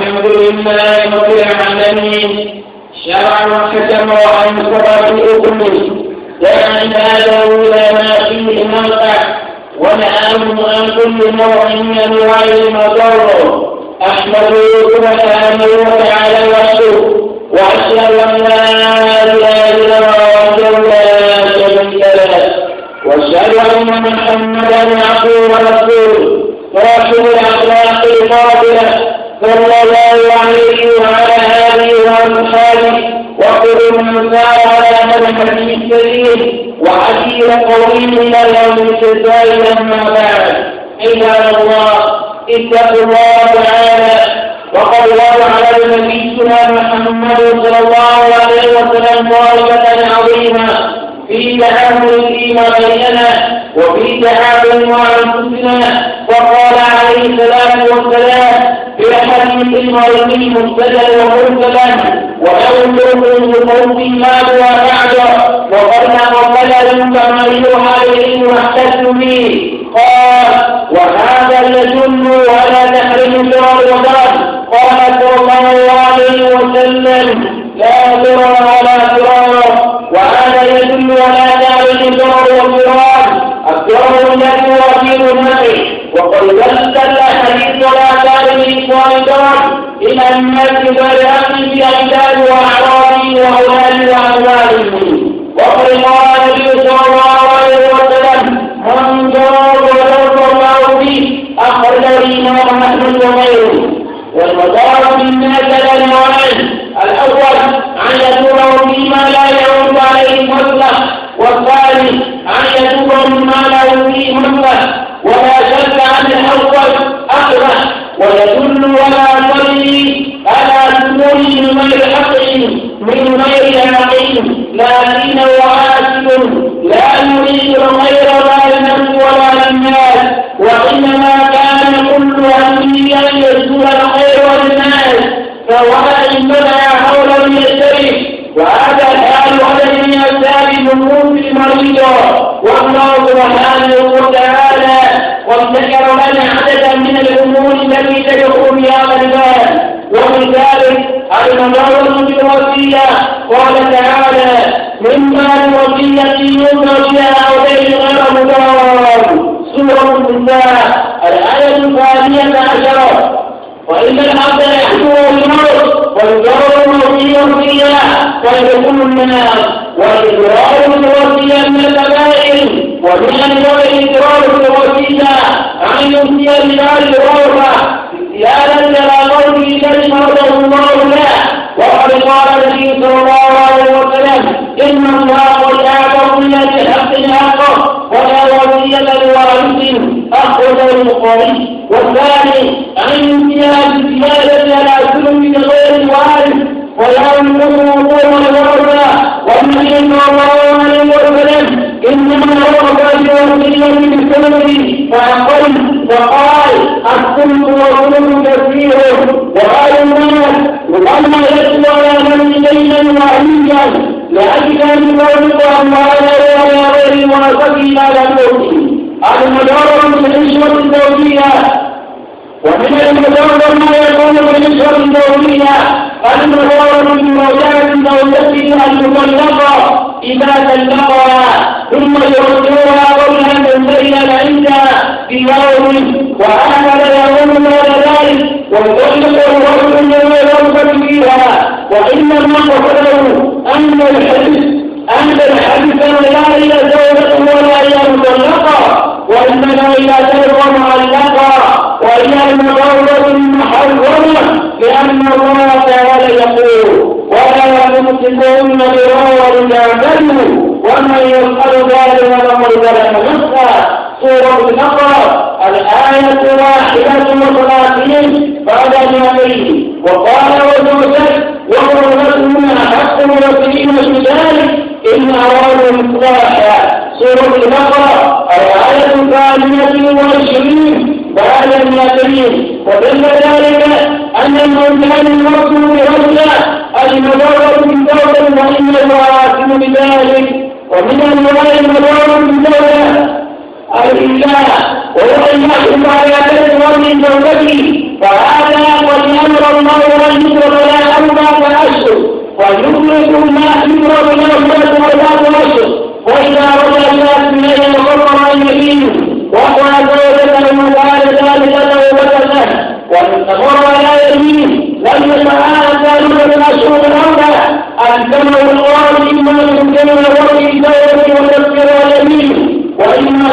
الحمد لله رب العالمين شرع وحكم وأنصر في الاذن لا عباده الى ما فيه موقع ونعم عن كل نوع من انواع المضر أحمده سبحانه وتعالى وحده وأشهد أن لا إله إلا الله وحده لا شريك له وأشهد أن محمدا عبده ورسوله راشد الأخلاق الفاضلة صلى الله عليه وعلى آله وأصحابه وكل من سار على هذا الحديث الكريم وعسير قويم إلى يوم الجزاء لما بعد عباد الله اتقوا الله تعالى وقد وضع لنا نبينا محمد صلى الله عليه وسلم طائفة عظيما في تهاب فيما بيننا وفي تهاب مع أنفسنا فقال عليه السلام والسلام في حديث المرضي مبتدا ومرسلا ولو تؤمن لقوم ما هو بعد وقد وقبل كما يوحى اليه احتجت به قال وهذا يجن ولا تحرم شرار رمضان قال صلى الله عليه وسلم لا ترى ولأهل بأمثال وأعراضه وأولاد وأموالهم وقل الله ثم يسوى من ليلا وعليا لأجل أن نربط أموالنا إلى غير مناسبنا للموت المدار بالنسبة الدولية ومن المدار ما يكون بالنسبة الدولية المدار بموجات زوجته المطلقة إذا طلقها ثم يردها قبل أن تنتهي العدة في يوم وهكذا يقول والمطلق الرجل الذي يرغب فيها وانما قصده ان الحديث ان الحديث لا الى زوجه ولا الى مطلقه وانما الى زوجه معلقه والى المضره محرمه لان الله تعالى يقول ولا تمسكن براء ولا تدعو ومن يفعل ذلك فقد ظلم نفسه سورة البقرة الآية واحدة وثلاثين بعد مئتين وقال وزوجك وقربتهما أحق الوكيل في ذلك إن أرادوا مصلاحا سورة البقرة الآية الثانية والعشرين بعد المئتين ودل ذلك أن الموجان المرسل بهذا المدارة من دولة وإن الوعاسم بذلك ومن أنواع المدارة دولة أئلا ويؤمن بآيات ومن زوجته فهذا قد الله أن يدرك لا أربعة أشهر ويدرك ما يدرك له أربعة أشهر وإذا رجع الناس إليه وقرر أن يدينه وهو وقال ذلك له وكذا ومن تمر لا يدينه لم يتعالى ذلك الأشهر الأربعة أنزله الله إما من كان وجه الزوجة وتذكره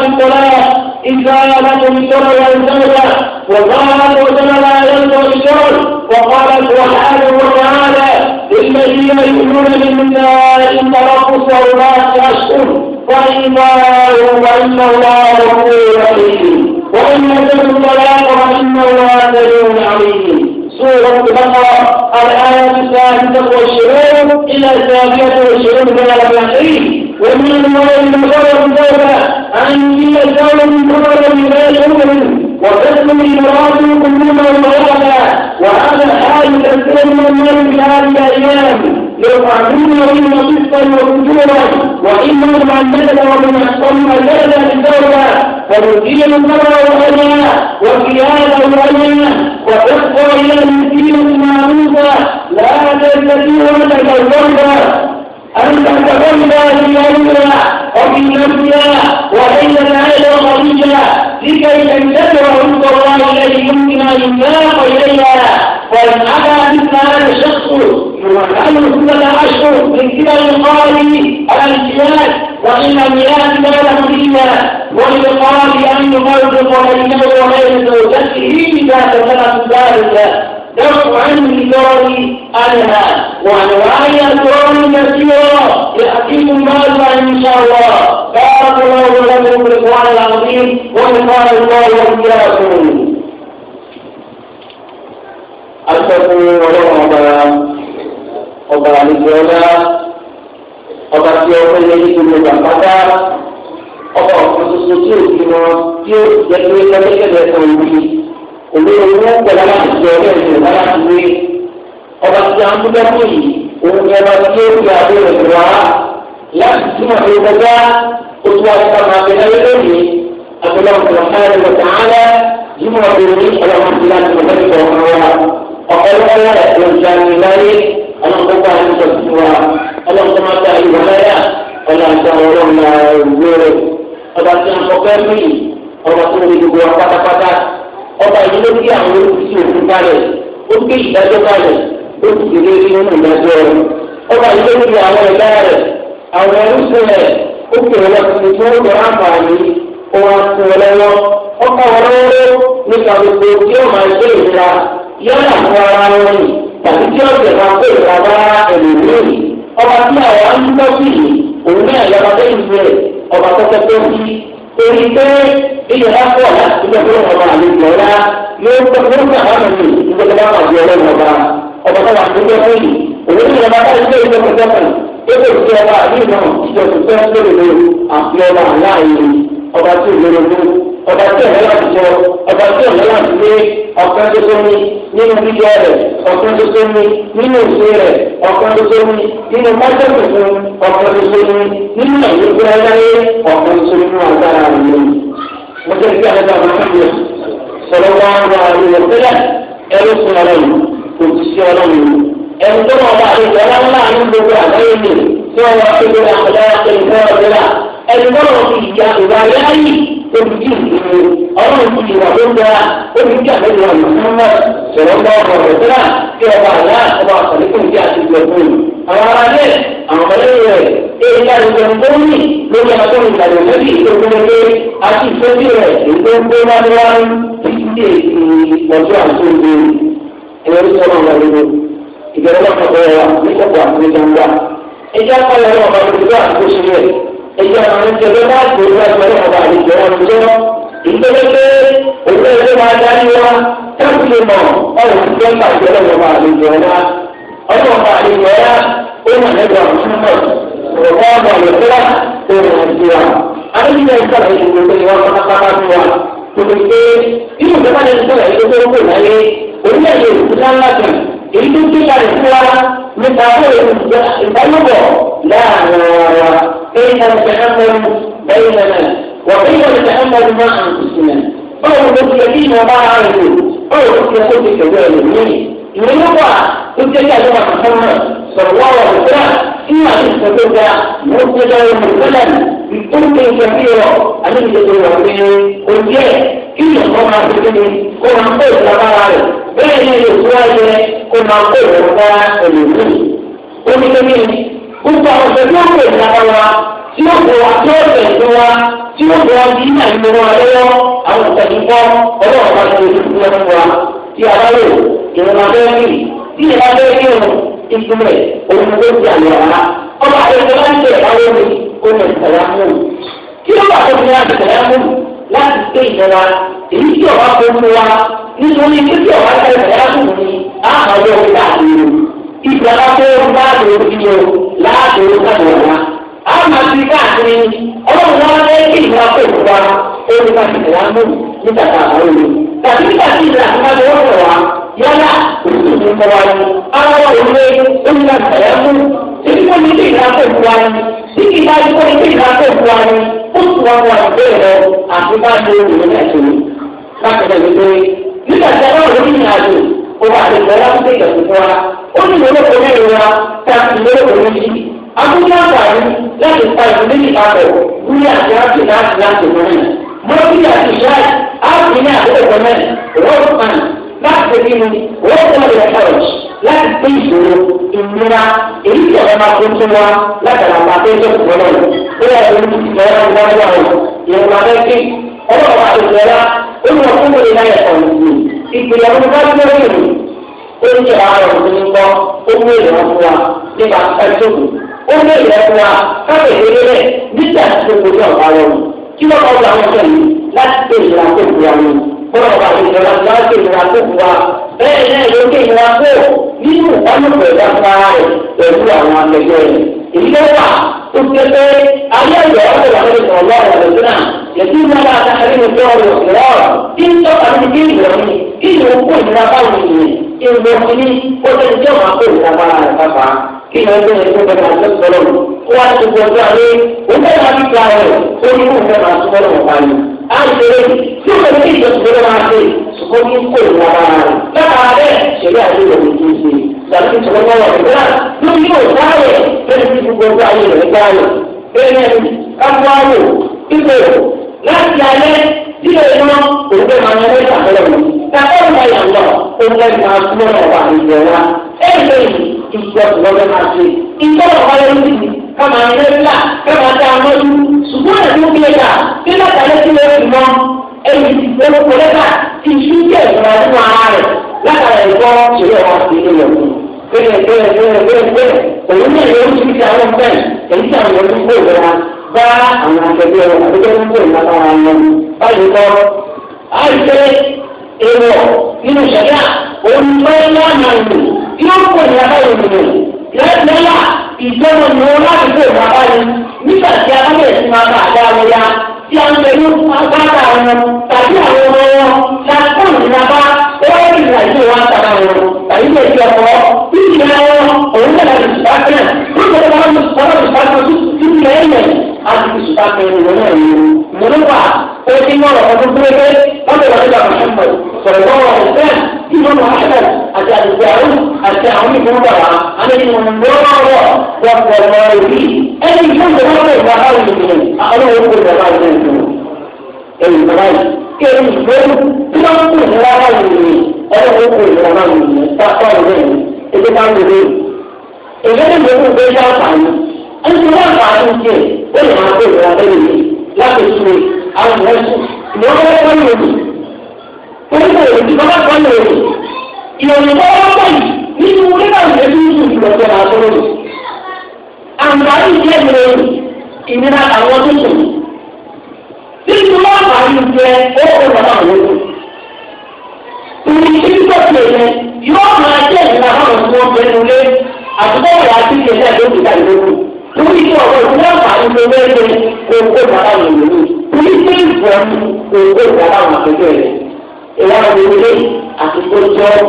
الطلاق إزالة الشر والزوجة وقال وسلم لا يلقى الشر وقال سبحانه وتعالى للذين يؤمنون بالنساء تربص أربعة أشهر فإذا فإن الله غفور رحيم وإن يزل الطلاق فإن الله سميع عليم سورة البقرة الآية الثالثة والشرور إلى الثالثة والشرور من الأخير ومن المرء المقرر ذلك أن يتكون كبر يبايعون وتسلم المرأة كلما مرأة وهذا حال تسلم من في هذه الأيام يطعنون إما صفا وفجورا وإما معندة ومن أحسن ذلك للدولة فنزيل المرأة والغنى وفي هذا الغنى وتبقى إلى المسيرة المعروفة لا تستطيع أن تتزوج أن تتغنى بيومنا وفي نفسنا وليلة هذا الخديجة لكي تنتشر عند الله الذي يمكن أن يناق إليها وإن أتى مثل هذا الشخص يرحله ثلاثة أشهر من قبل قاضي الامتياز وإن لم يأت له فيها وللقاضي أن يفرق بينه وبين زوجته إذا تمت ذلك دفع الله عنها وعنوايا القرآن كثيرا يحكيكم ماذا إن شاء الله بارك الله لكم بالقرآن العظيم ونفعل الله وإياكم أشكر ولو أبا أبا نزولا ọba tí ọba yẹ kí gbogbo gbàgbọ́dá ọba ọ̀kan tuntun tí ò fi wọn tí ó jẹ́ pé lọ́dẹ́kẹ̀dẹ̀ kan wí èmi owó pẹ̀lú aláàbò ọ̀rẹ́ ìṣẹ̀lẹ̀ aláàbò yìí ọba tí a ń bú lẹ́kọ̀ọ́ yìí òun ni ọba tí ó fi àbí rẹ̀ wá láti túmọ̀ sí ọgbẹ́gbá oṣù àtúntà máa bẹ̀rẹ̀ lónìí àbúrò ọ̀sán káyọ̀ lọ́sàn án lẹ́ jùmọ̀ obìnrin ọlọ́run ti láti lọ́sẹ̀ ìgbà ọ̀hún wa ọ̀pọ̀lọpọ̀ ìjànì láyé ọlọ́kọ̀ọ́kọ́ àti ìjọsìn wa ọlọ́kọ̀ọ́mọ́ta wa pátápátá ọba yìí ló gbé àwọn olùsí òkú kalẹ̀ ó gbé ìdájọ́ kalẹ̀ ó sì lè rí nínú ìdájọ́ rẹ̀ ọba yìí ló gbé àwọn ẹ̀dá rẹ̀ àwọn ẹrúsìn rẹ̀ ó kéré lọ sí fún ọ̀rọ̀ àǹfààní ọwọ́ àti ọlọ́wọ́ ọkọ̀ ọlọ́wọ́ nípa gbogbo tí ó máa gbé ìlera yálà fún ara wọn ni tàbí tí ó tẹ̀ máa gbé ìlera bá ọba tí àwọn àńtọ́sì òun náà yàrá ilẹ̀ wa pọ̀ láti ilé ọlọ́run ọba àlejò ọ̀la yóò gbọ́ yóò gbà wá lọ́wọ́ ìdílé ọba àti ọlọ́run ọba ọba tó wà ní ilé ọ̀la yìí òun ní ìjọba bá ilé ìjọ kọjá kan ébè tí ọba àbí ìmọ̀ ìjọ tó fẹ́ lórí lórí àti ọba aláàyè ọba tó lórí lórí ọba tó ọ̀la láti sọ ọba tó ọ̀la láti gbé ọ̀kan tó ní nínú jíjẹ rẹ̀ ọ̀kan tó ní nínú ìṣe rẹ̀ ọ̀kan tó ní nínú májèlé fún ọ̀kan tó ní nínú ìlú gbé ayáyé ọ̀kan nínú وترجع لك محمد صلى الله عليه وسلم ẹrú fún ọlọ́run kò sí ọlọ́run ẹ̀rú tó wà láàrin ìjọba ńlá ní gbogbo àgbáyé nìyí. وهو خير الأخلاق الفاضلة المرء إياه عليه olùdíje ọlọ́run ti ìwà tó dáa olùdíje àbẹ̀lẹ̀ ọ̀nà mọ́mọ́ sọ̀rọ̀ bá ọkọ̀ rẹ̀ dára kí ọba àlá ọba àkàlẹ́kùn tí a ti gbẹ̀ fún un. àwọn ará bẹ́ẹ̀ àwọn ọ̀rẹ́ rẹ̀ èyí ká ló jẹun tó ní lórí ìgbàlẹ̀ lẹ́bí ìgbẹ́gbẹ́lẹ́gbẹ́ àti ìfẹ́bí rẹ̀ ètò ń gbé wáníwá títí àtúndì ẹ̀rọ ẹjẹ akọlẹ ọmọ ọba gbogbo àti oṣù rẹ ẹjẹ àwọn ẹjẹ lọ bá gbogbo àti ọmọ ọba àlejò wọn ló lọ ìgbẹ́lẹ́ pé òun ẹgbẹ́ máa dání wa káàkiri mọ̀ ọ̀rọ̀ ti fẹ́ pàṣẹ ọmọ ọba àlejò ọ̀la ọmọ ọba àlejò ọ̀la ó mà nígbà mọ̀ ọ̀rọ̀ ọmọ àlejò ọ̀la ó mà àdébíyẹ ìsọ̀rọ̀ ìṣòro tó yẹ wọn pátápátá fún wa tòlè pé inú ìjọba ní ìsọ̀rọ̀ ìṣòro tó ń pè láyé orílẹ̀-èdè òkúta ńlá kan èyí tó ń gbé kalẹ̀ fún wa مش هقول التأمر لا كيف نتأمل بيننا وكيف نتأمل مع أنفسنا أو الذين وما عملوا أو يقول كذلك مني يريدوا تتجاه محمد صلى الله عليه وسلم إما تستطيع مبتدا ومبتدا ìkúnlẹ̀ ìṣàfihàn àdébìtẹ̀tẹ̀ wà pé ojú ẹ̀ kí ìyọ̀kọ́ máa fi kí ni kó máa kó ìwà bára rẹ̀ bẹ́ẹ̀ ni èso ayẹ kó máa kó ìwà bá ẹlòmíì. ó ní kí ni gbogbo àwọn ọ̀sẹ̀ tí ó kó ìwà bá wa tí ó kó wa tí ó bẹ̀ tó wa tí ó kó wa bí ní àyẹ̀wò wa lọ́wọ́ àwọn ìtẹ̀síkọ́ ọlọ́ọ̀pá ti ti fún wa tí a bá lò ìrìnàjò yìí ìfúnlẹ̀ òun ló ti àlọ́ ọ̀la ọba àdéhùn máa ń ṣe ìdáwó mi ó lè tẹ̀lé amúlù kí ló bá tóbi láti tẹ̀lé amúlù láti gbé ìnira èyí tí ọba kò mú wa nítorí pé tí ọba tẹ̀lé amúlù ni á máa yọ orí láàrin o ìgbà lápò láàrin orí o láàrin orí láàrin ọ̀la á máa fi káàkiri ọlọ́run wá lé kí ìnira kò mú wa ó lè má tẹ̀lé amúlù nígbà tá a bá wọlé tàbí nígbà tí ìnira yálà òkú ìlú kọ wa ni àwọn òwe òyìnbá tẹ̀lé mú títí kò ní ilé ìdáko ìlú wa ni títí bá ní kò ní ilé ìdáko ìlú wa ni ó sì wá wà ní bẹ́ẹ̀ lọ àti bá ní òwúrọ̀ ní ẹ̀sìn mi. bákan náà wípé nígbà tí a bá wọlé ìrìn àjò òwò àti ìgbà láti gbé ìdàgbò fún wa ó ní ìlú olóko ní ìlú wa ta ìlú olóko ní ìlú akókò àgbàdo láti pa ìlú méjì papọ̀ ní àti àti láti láti mọ́rin mọ́tí àti ìyá àti ní àti ọ̀gbọ́n mẹ́rin láti nínú wọ́n tó lè ẹ̀rọ láti pín ìṣòro ìnira èyí tí ọ̀rẹ́ máa tún tún wá látara máa tẹ́ ẹjọ́ ìgbọ́n náà ó yẹ kó ní ìfẹ́ wọn wá wá o ìyẹn máa fẹ́ kí ọlọ́run máa tẹ̀sẹ̀ wá ó ní ọdún tó lè láyé ẹ̀kọ́ nìyí ìgbìyànjú ọdún bá dúró lónìí ó ní àwọn ọ̀rọ̀ tó ń bọ́ ó mú ìrọ̀ fún wa nípa ẹjọ́ ó mú ìrọ̀ fún wa káwé ìdílé nígbà tó kọjá ọ̀gá rọrùn kí wọ́n kọ́ kọ́lá ọba àti ìjọba ti wáá kéde wa kó wa bẹ́ẹ̀ náà ló kéde wa kó nínú ìbálòpọ̀ ẹ̀dá fara rẹ̀ pẹ̀lú àwọn akẹgbẹ́ rẹ̀. èyí ló wà ó ti pé ayé ìyọ̀ ọ̀sẹ̀ wà lórí ìtàn ọlọ́run àlejò náà yẹtí wọn bá ta ẹni ìjọ ọ̀rọ̀ ìrọ̀rọ̀ kí n tọ́ àti kí n yọ̀ ní kí n kó ìnira báwo nìyẹn kí n bọ̀ fún ní kó ìnira bá ara rẹ̀ bá ni ó á ń ṣeré tí o ní ìjọsìn tó máa ṣe ṣùgbọ́n ní kò ní ara rẹ̀ lára rẹ̀ ṣẹlẹ̀ àti ìròyìn tó ṣe ìgbàlódé tó lọ́wọ́ rẹ̀ náà ló ní kò dáyẹ̀ lẹ́yìn tí gbogbo ọjọ́ ayé rẹ̀ dáyẹ̀ bẹ́ẹ̀ ni káfíńwáwò ìgbò láti alẹ́ tí o mọ òde máa ń rẹ́ ìṣàkọlẹ̀ mi kàkọ́ ìmọ̀ ìyàlọ́ òun lẹ́nu máa fún lẹ́yìn máa ṣe ìjọba olóko lẹ́tà ti yí jẹ́ ìrora nínú ara rẹ̀ látara ìgbọ́ ìwé ọ̀hún sí ilé yẹn bẹ́ẹ̀ bẹ́ẹ̀ bẹ́ẹ̀ bẹ́ẹ̀ bẹ́ẹ̀ òun náà yóò ti fi àwọn bẹ́ẹ̀ èyí tí àwọn ọdún gbé ìrora bá àwọn akẹgbẹ́ àtẹgbẹ́ ń gbé ìrora wọn wọn báyìí kọ́ àìsẹ́ èrò nínú ìṣẹ̀dá òun bẹ́ẹ̀ lánàá ìlú máa bá àdá wọn ya tí a ń bẹ ní agbára wọn tàbí àwọn ọmọ wọn lásán ìrìnàbá wọ́n rí ìrìnàjò wa tàbá wọn tàbí lè fi ọ̀pọ̀ bí ìrìnà wọn òun náà lè sùpá kẹ́ẹ̀ bí ìrìnà wọn lè sùpá kẹ́ẹ̀ bí ìrìnà ẹ̀yẹ àti sùpá kẹ́ẹ̀ ìrìnà ẹ̀yẹ mọ̀lẹ́wà onímọ̀ràn ọdún péré wọ́n lè wọ́n nígbà mọ̀ṣẹ́mọ̀ sọ̀rọ̀ wọ́n wọ́n ṣẹ́ ìmọ̀nà ọ̀ṣẹ́ àti àdìgbò àrùn àti àwọn ìgbìmọ̀ bàbá àlejò ńlọ́wọ́ wọn pọ̀ lọ rí ẹni ìgbìmọ̀ wọn lè wá báwọn ìgbìmọ̀ àwọn olóògbé rẹ̀ bá wọn ìgbìmọ̀ ẹ̀yìn bàbá yìí kéwì ìgbẹ́rù tí wọ́n kù ní wá báwọn ìgbìmọ̀ ẹ̀rọ olóògbé rẹ̀ bá wọn ìgbìmọ̀ tá a kọ́ ọ̀rẹ́ yìí èdè bá wọn ìgbìmọ̀ èdè ní gbogbo gbé ṣáà fàánù ẹni tí wọ́n fàánù jẹ́ ó lè máa gbé ìgbìmọ̀ láti ṣe àwọn ìwọ̀n ìwọ̀n ìwọ̀n ìwọ̀n ìwọ̀n ìwọ̀n ìwọ̀n ìwọ̀n ìwọ̀n ìwọ̀n ìwọ̀n ìwọ̀n ìwọ̀n àǹfààní jẹ́ ìrẹ̀ ìnira àwọn tó sùn. Nínú àǹfààní jẹ́ owó bàbá àwọn ọ̀hún. Ìrìn tí tó ṣe yẹ yóò máa jẹ́ ìnira àwọn tó wọ́n bẹ nulẹ̀ àtúntò ìyá àti ìjẹsẹ̀ ló ti dàgbò. Lórí ìṣòro ìwé àǹfààní tó wọ́n bẹ kó kó bàbá gbígbé ìfọ̀n òkú ìfọ̀nà àwọn akẹ́kọ̀ọ́ rẹ̀ ìwà òwúrẹ́ àti kọjọ́ ó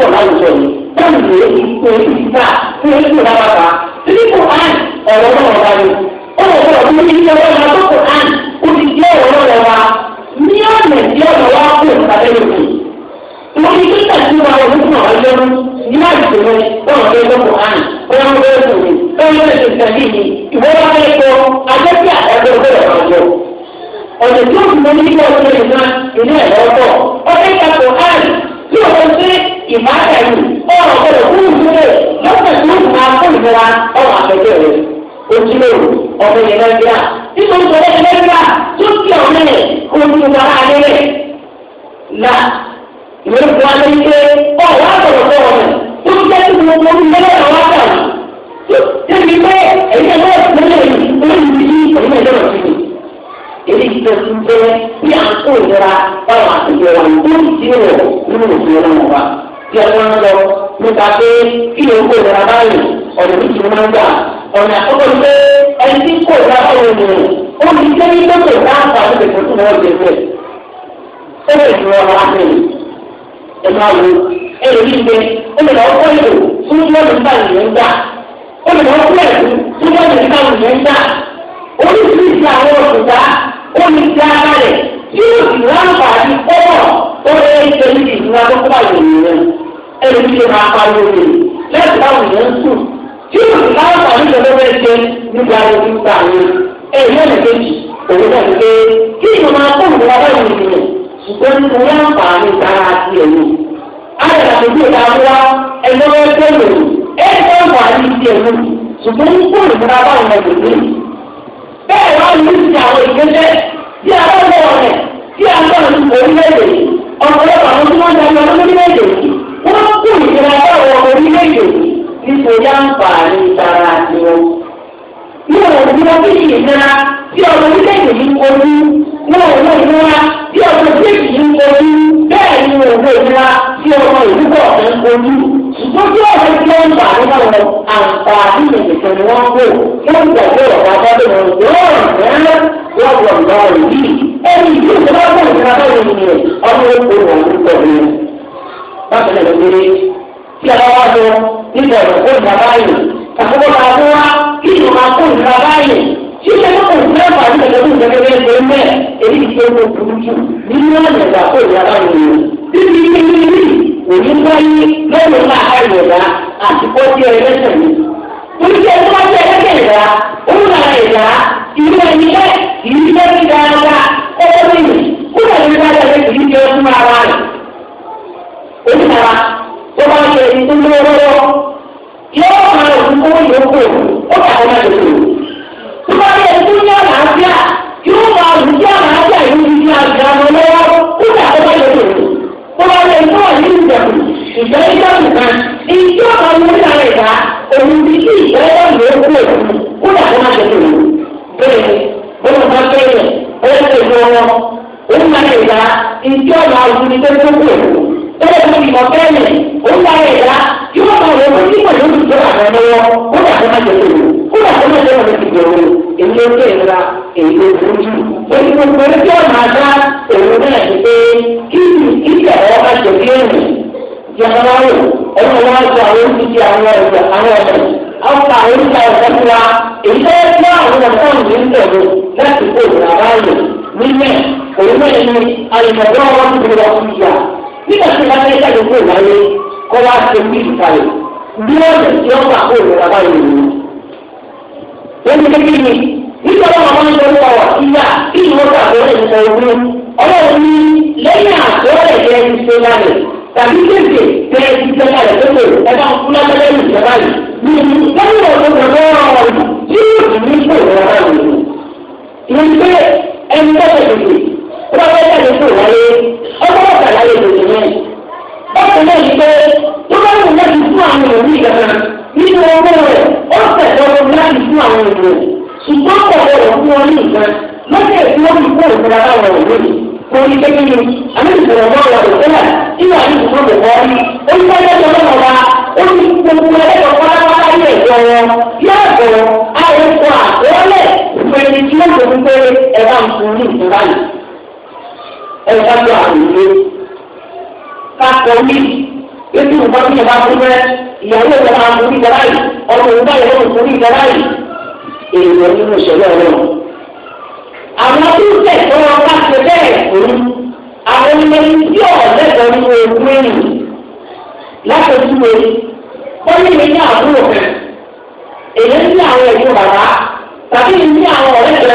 pọ̀ láwùjọ yìí wọ́n lè ìgbé ìgbà tí ó ń bá tí kò án ọ̀rọ̀ náà wà ní. ó lè sọ̀rọ̀ fún ní ọwọ́ ìgbà tó kò án ó ti jẹ́ ọ̀rọ̀ náà wà ní ọ̀nà tí ọ̀nà wà kó ìpàdé lòdì. wọ́n ti gbígbà tí wà wọ́n fún ọ̀rọ̀ lọ́rùn ní àìsàn rẹ̀ ọ̀rọ̀ rẹ̀ lọ́kù án ọ̀rọ̀ rẹ̀ lọ́kù rẹ̀ ọ̀rọ̀ rẹ̀ lọ́kù rẹ̀ ìwọ́n wá ọ̀dẹ̀ tí ó fi mọ́ni nígbà ọ̀dẹ̀ rẹ̀ náà ilé ẹ̀rọ ọ̀dọ̀ ọ̀dẹ̀ ìkàkọ̀ áì tí o fẹ́ ṣe ìmáàdà yìí ọ̀rọ̀ ọ̀dọ̀ fún ìdílé lọ́sẹ̀ tí ó fi máa fún ìnira ọ̀rọ̀ àfẹ́jọ́ rẹ̀ ojúlé ọ̀dẹ̀ yẹn lẹ́gbẹ̀á nítorí ọ̀dẹ̀ yẹn lẹ́gbẹ̀á tó kí ọ̀rẹ́ rẹ̀ kó ní ìwàrà rẹ̀ là ìwé fún alẹ́ ike ọ̀rọ̀ àgbọ̀rọ̀ fọ̀rọ̀ rẹ̀ tó eléyìí tó tún jẹ́ bí à ń kó ìlera báwọn àtúnyẹ wa tó ń ti rò nínú òfin ọlọ́run wa bí ọlọ́run lọ nípa pé kí ló ń kó ìlera báyìí ọ̀nà méjì máa ń gbà ọ̀nà àkọ́kọ́ pé ẹni tí kò ìlera báwọn ènìyàn ó ní jẹ́ ní tó kò dá àwọn àwọn ìgbésẹ̀ tó wọ́n jẹ fẹ́ ó lè fi wọn wá sí ẹ máa wo ẹ lè rí ibẹ̀ ó lè lọ kọ́ ìlú fún ìlú ọ̀dùn ó lè lọ kọ́ ìlú fún ìlú ọ̀dùn kó ti ara rẹ̀ tí o sì láǹfà ní kọ́bọ̀ ó lé ẹni tí ìlú tó kọ́ àyè nìyẹn ẹni tí o máa pa lórí rẹ̀ lẹ́yìn táwọn èèyàn ń sùn tí o sì láǹfà ní ìjọba bẹ́ẹ̀ ṣe nígbà wo ti gbà yẹn ẹ̀yìn òun náà ti pé kí ìlú máa kó ìlú wa bẹ́ẹ̀ nìyẹn ṣùgbọ́n nínú láǹfà ní ìtara àti ẹ̀yìn ayọ̀ àti ìlú ìlú wa ẹgbẹ́ wọn ẹgbẹ́ wọn àti ìdí ẹ̀yìn bẹ́ẹ̀ bá ní ti àwọn ìgbésẹ̀ tí a bá lọ ọ̀rẹ́ tí a bá ní orílẹ̀-èdè ọ̀pọ̀lọpọ̀ àwọn tí wọ́n ń darí orílẹ̀-èdè wọ́n kú ìlera báwọn orílẹ̀-èdè yìí nítorí àǹfààní ìtara wọn. ní òun ni wọ́n fi ìlera tí ọmọ orílẹ̀-èdè yìí kojú ní òun ìlera tí ọmọ orílẹ̀-èdè yìí kojú bẹ́ẹ̀ ni òun ìlera tí ọmọ ìlú kọ̀ọ̀kan kojú ṣùgbọ́n tí ọ̀rọ̀ tí wọ́n ń gbà nígbà wọn àǹfààní ìgbésẹ̀ ni wọ́n kó wọ́n gbà pé ọ̀gá bọ́dọ̀ wọn lọ́rùn mẹ́rẹ́ wọ́n wọ̀ lọ rẹ̀ yìí ẹni tí ìjọba kò ní ká báyìí ni ọmọ epo wọn ń pọ̀ ní. bákan náà lè tí a bá wá lọ nípa ọ̀rọ̀ kó ní abáyìí àkókò máa kó wá kí ìlú máa kó ní abáyìí ṣíṣe tó kò ní àǹfààní ìgbésẹ̀ tó ń gbẹ òní wáyé lọ́rùn máa ká ìrọ̀lá àsìkò jẹ́ ẹlẹ́sẹ̀ mi. oníṣẹ́ tó wájú ẹlẹ́sẹ̀ ìrọ̀lá òun náà ìrọ̀lá ìlú ẹni bẹ́ẹ̀ kìí bẹ́ẹ̀ kí dáadáa ọwọ́ nínú kúrò ní dáadáa rẹ̀ kìí jẹ́ ọdún ara rẹ̀. oníṣàrà tó bá ṣe ìdúró lọ́wọ́ yóò máa òkú kó yóò kó òkú. ṣùgbọ́n kò bẹ̀rẹ̀ fún wọn ní ìgbà lọ́sẹ̀ tí wọ́n fi kó ìfura láwọn òwe mi kò ní kékeré mi àmì ìfura náà wọ̀ ìfura nínú àmì ìfura kò wọ́n mi ó ní wọ́n lẹ́jọ́ lọ́wọ́ wa ó ní gbogbo ẹlẹ́jọ́ pátápátá ní ẹ̀jọ́ wọn yóò bọ̀ àwọn ikọ̀ àkọọ́lẹ̀ ìpele tí wọ́n tó ń pé ẹ̀ka ìfura ní ìfura yìí ẹ̀ka tó àrùn yìí kákọ̀ọ́ mi ètò ìfọ̀mí ìjọba fún mẹ́ ìyàwó ìjọba fún ìjọba yìí ọmọ ìjọba yìí èèyàn nínú ìṣẹ̀lẹ̀ ọ̀rọ̀. Àwọn tó tẹ̀sán wọn bá ti bẹ́ẹ̀ fún àwọn ọmọ ẹni tí ọ̀lẹ́gbẹ̀ẹ́ nínú ogún èèyàn látọ̀jú wo ó ní ní àbúrò kan èèyàn ní àwọn ẹ̀yìn bàbá tàbí ní àwọn ọ̀rẹ́ rẹ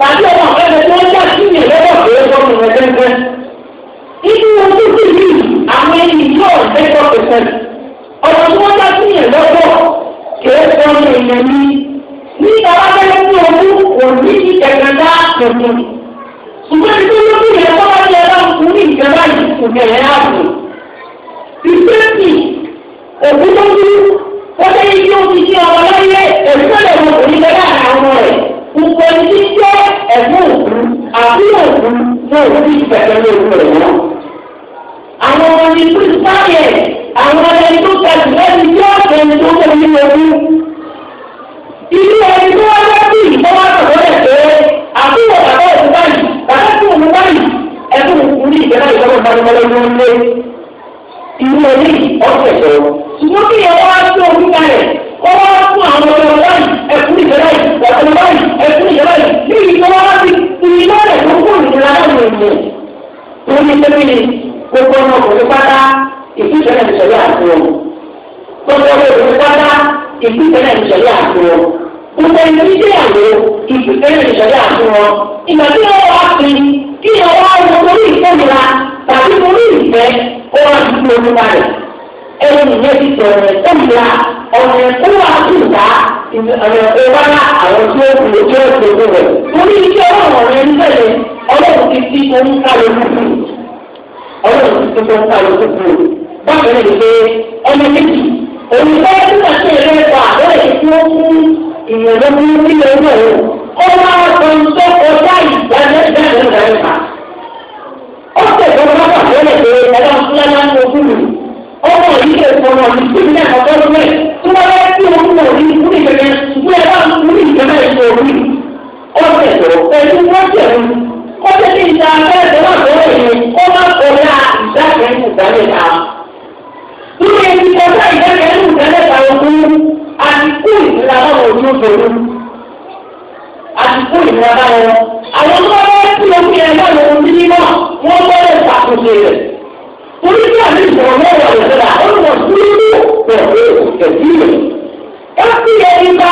tàbí ọmọ ọ̀rẹ́ rẹ tí wọ́n já sí ní ìlẹ́wọ̀ pé ó gbọ́ nínú ẹgbẹ́ rẹ. Ibi wọn tó ní ìdáwọ́ bẹ́ẹ̀ ní owó òní ìtẹ̀gbẹ̀dá tuntun. ṣùgbọ́n ìdí ló ń yẹ kọ́kọ́ ní ẹ̀rọ ọkùnrin ní ìjọba yìí kò bẹ̀rẹ̀ ààbò. ìgbésì òkú tó dúró ó lé ibi omi sí ọmọ lọ́yẹ èlùbọ́lẹ̀ wọn kò ní bẹ́ẹ̀ àwọn rẹ̀. gbogbo ìdí jẹ́ ẹ̀gbọ́n òkú àbí òkú ní òkú ìgbẹ̀rẹ̀ ní òkú rẹ̀ wọ́n. àwọn ọmọ ní pírísítà yẹn àwọn ẹni tó ta jù lẹ́nu yóò ilé ẹni tó wá lọ sí ìfọwọ́ àtọ̀tọ̀ rẹ̀ pé àbúrò bàbá òun báyìí bàbá tí òun báyìí ẹkún òun ní ìjọba ìjọba ìbánimọ́lẹ́ ló ń lé ilé ẹni ọ̀sẹ̀ tó. ṣùgbọ́n kí ẹ wá sí orí kalẹ̀ ó wá fún àwọn ọmọ báyìí ẹkún ìjọba ìjọba báyìí ẹkún ìjọba yìí ní ìjọba wá sí ilé rẹ̀ tó kún ìjọba láwọn ènìyàn tó ní lórí gbogbo ọmọkùnrin pátá ìfúnṣẹ́ ìpínlẹ̀ ìṣẹ̀lẹ̀ àfihàn gbogbo ẹni tí dé àlọ́ ìpínlẹ̀ ìṣẹ̀lẹ̀ àfihàn ìgbà tí wọ́n wá fi kí ni wọ́n wá wọ orí ìfẹ́mìlá tàbí orí ìfẹ́ ó wá ju kí omi balẹ̀ ẹni ìyẹn ti tẹ̀rẹ̀ ìfẹ́mìlá ọ̀nà ẹ̀kọ́ wà sí ìta ọ̀nà ẹ̀kọ́ wá àwọn tí ó kù lójú ọ̀sẹ̀ ìlú rẹ̀ torí iṣẹ́ ọlọ́run rẹ̀ ń bẹ̀rẹ̀ ọlọ́run ti fi ohun kálọ̀ lókù ọlọ́run ti fi ohun kálọ̀ lókù bákan náà ni pé ọmọ méjì òyìnbó nígbà tí èlé ẹ̀ka àbẹ̀rẹ̀ tí ó kú ìyẹ̀wò ní ilé ẹ̀rọ ó máa sọ tó kọjá ìgbàlódé ìgbàlódé ó tẹ̀sọ́ máa wà lọ́lẹ̀ pé ẹ̀rọ fúlẹ́lá ń lókù lù ọmọ yìí lè fọmọ ní kíni náà kọ́kọ́ lọ́wọ́ ẹ̀ tí wọ́n bá tí wọ́n mọ̀ ní kúrì gẹ́gẹ́ bí ẹ bá mú ní ìjọba ètò orí ó tẹ̀sọ́ pẹ̀lú wọ́n tẹ̀sọ́ kọ́tẹ́tì ìta abẹ́rẹ́ tó wà lọ́wọ́ yẹn ní ẹni kọjá ìdájọ́ ẹni ìdájọ́ ìdájọ́ ọdún àdìkú ìnira báwọn ojú òṣèlú àdìkú ìnira báwọn àwọn tó bá bá tí omi ẹ bá lòun ní mímọ́ wọn gbọ́dọ̀ ṣàkóso rẹ̀ torí bí àti ìṣòro mẹ́wàá rẹ̀ sọ̀rọ̀ àwọn ọmọ sí inú pẹ̀lú ẹ̀sìn rẹ̀ ó sì ẹni bá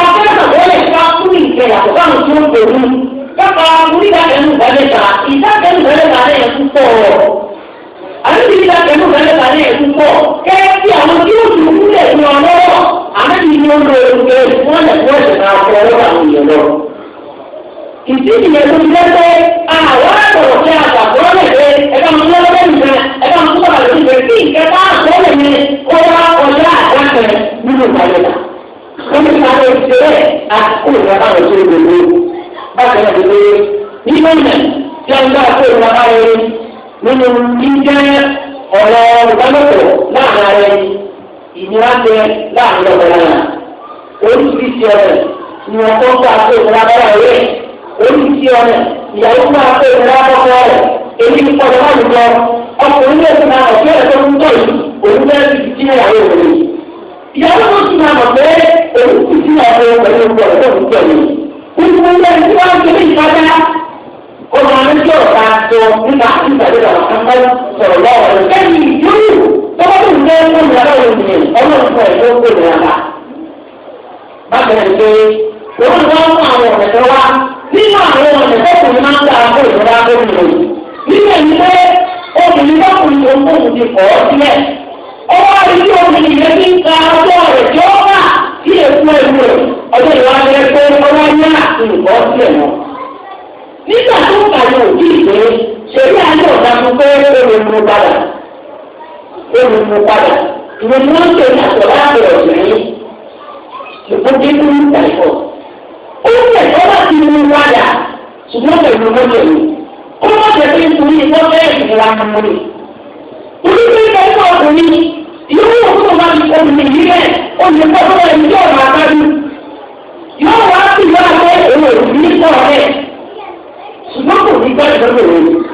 lè mú padà ó lè mú padà ìwé ni wọ́n ṣe ìyàtọ̀ láti ọ̀sẹ̀ yìí ṣùgbọ́n dé ní ìtàkọ̀ ó lè kọ́ bá ti mú padà ṣùgbọ́n lè mú mọ́tò yìí ó má jẹ́ pé nítorí ìwọ́ bẹ́ẹ̀ ìlera mú mi onígbé ìtàkọ̀ ọkùnrin yóò wọ́n tó bá mi kọ́ mi nílẹ̀ ó lè kọ́ bá mi yọ̀ máa bá mi yóò wá sí ìwà rẹ̀ èrò ìdílé kọ́ rẹ̀ ṣùgbọ́n kò ní gbọ́dọ̀ lóore.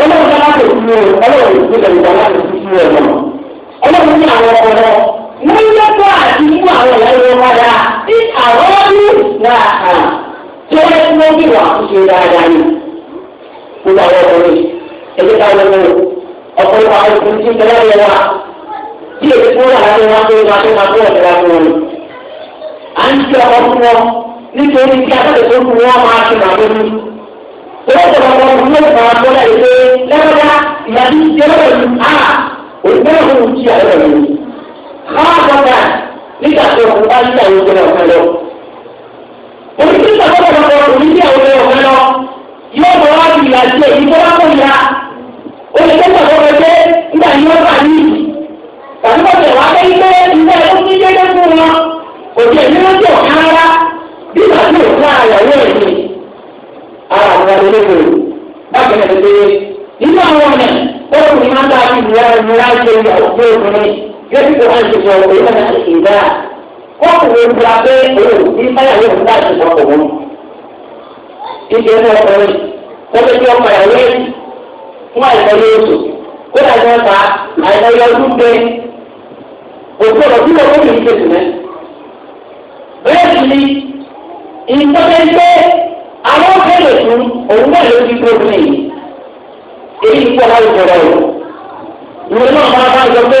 ọlọ́run náà láti fi rẹ̀ ọlọ́run ìpínlẹ̀ ìgbà láti fi fi rẹ̀ lọ. ọlọ́run ní àwọn ọkọ lọ wọ́n lọ́kọ́ àti mú àwọn ìyá ìwọ padà sí àwọn ọdún ìgbà kan tí wọ́n ti mọ́ bí wà á ṣe dáadáa ni. mo bá wọ́n wọlé ẹgbẹ́ ká wọ́n wọ́n ọ̀pọ̀lọpọ̀ àwọn ìpínlẹ̀ ti tẹ́lẹ̀ yẹn wa bí èyí tó wà láti wá pé wọ́n á tó máa tó ọ̀tẹ̀ láti wọn. à ń jẹ́ ọkọ̀ fún wọn nítorí kí akẹ́kọ̀ọ́ fún wọn máa ṣe màá ọ̀pọ̀lọpọ̀ ọdún mẹ́ta bọ́lá yìí pé lẹ́wọ́dá ìyàbí jẹ́wọ́ ìlú a òṣèlú ọ̀hún ti àwọn ọ̀rọ̀ yìí. káàbọ̀dà nígbà tó o bá yí àwọn ọ̀gbẹ́lẹ̀ ọ̀fẹ́ lọ. oníṣẹ́ ìṣàkóso oníṣẹ́ àwọn ọ̀gbẹ́lẹ̀ ọ̀fẹ́ lọ yóò bọ̀ wá ìlà jẹ́ ìbọ́lá kò yá. oníṣẹ́ sọ òun náà ti ṣe náà wọ́n kò wọ́n gba pé òun ní báyàwó òun bá ti sọ̀kọ̀ wọn. ìṣe ní ọkùnrin wọ́n fẹ́ kí ọmọ ìyàwó fún àìsàn yóò sọ kó dàgbà ta àìsàn yóò tún gbé òkú ọ̀rọ̀ tí wọ́n kò ní ṣe àwọn òkèèrè fún òun náà ló ti tó fún èyí. èyí ń pọ̀ láwùjọ rẹ̀ o. ìwé náà máa bá a sọ pé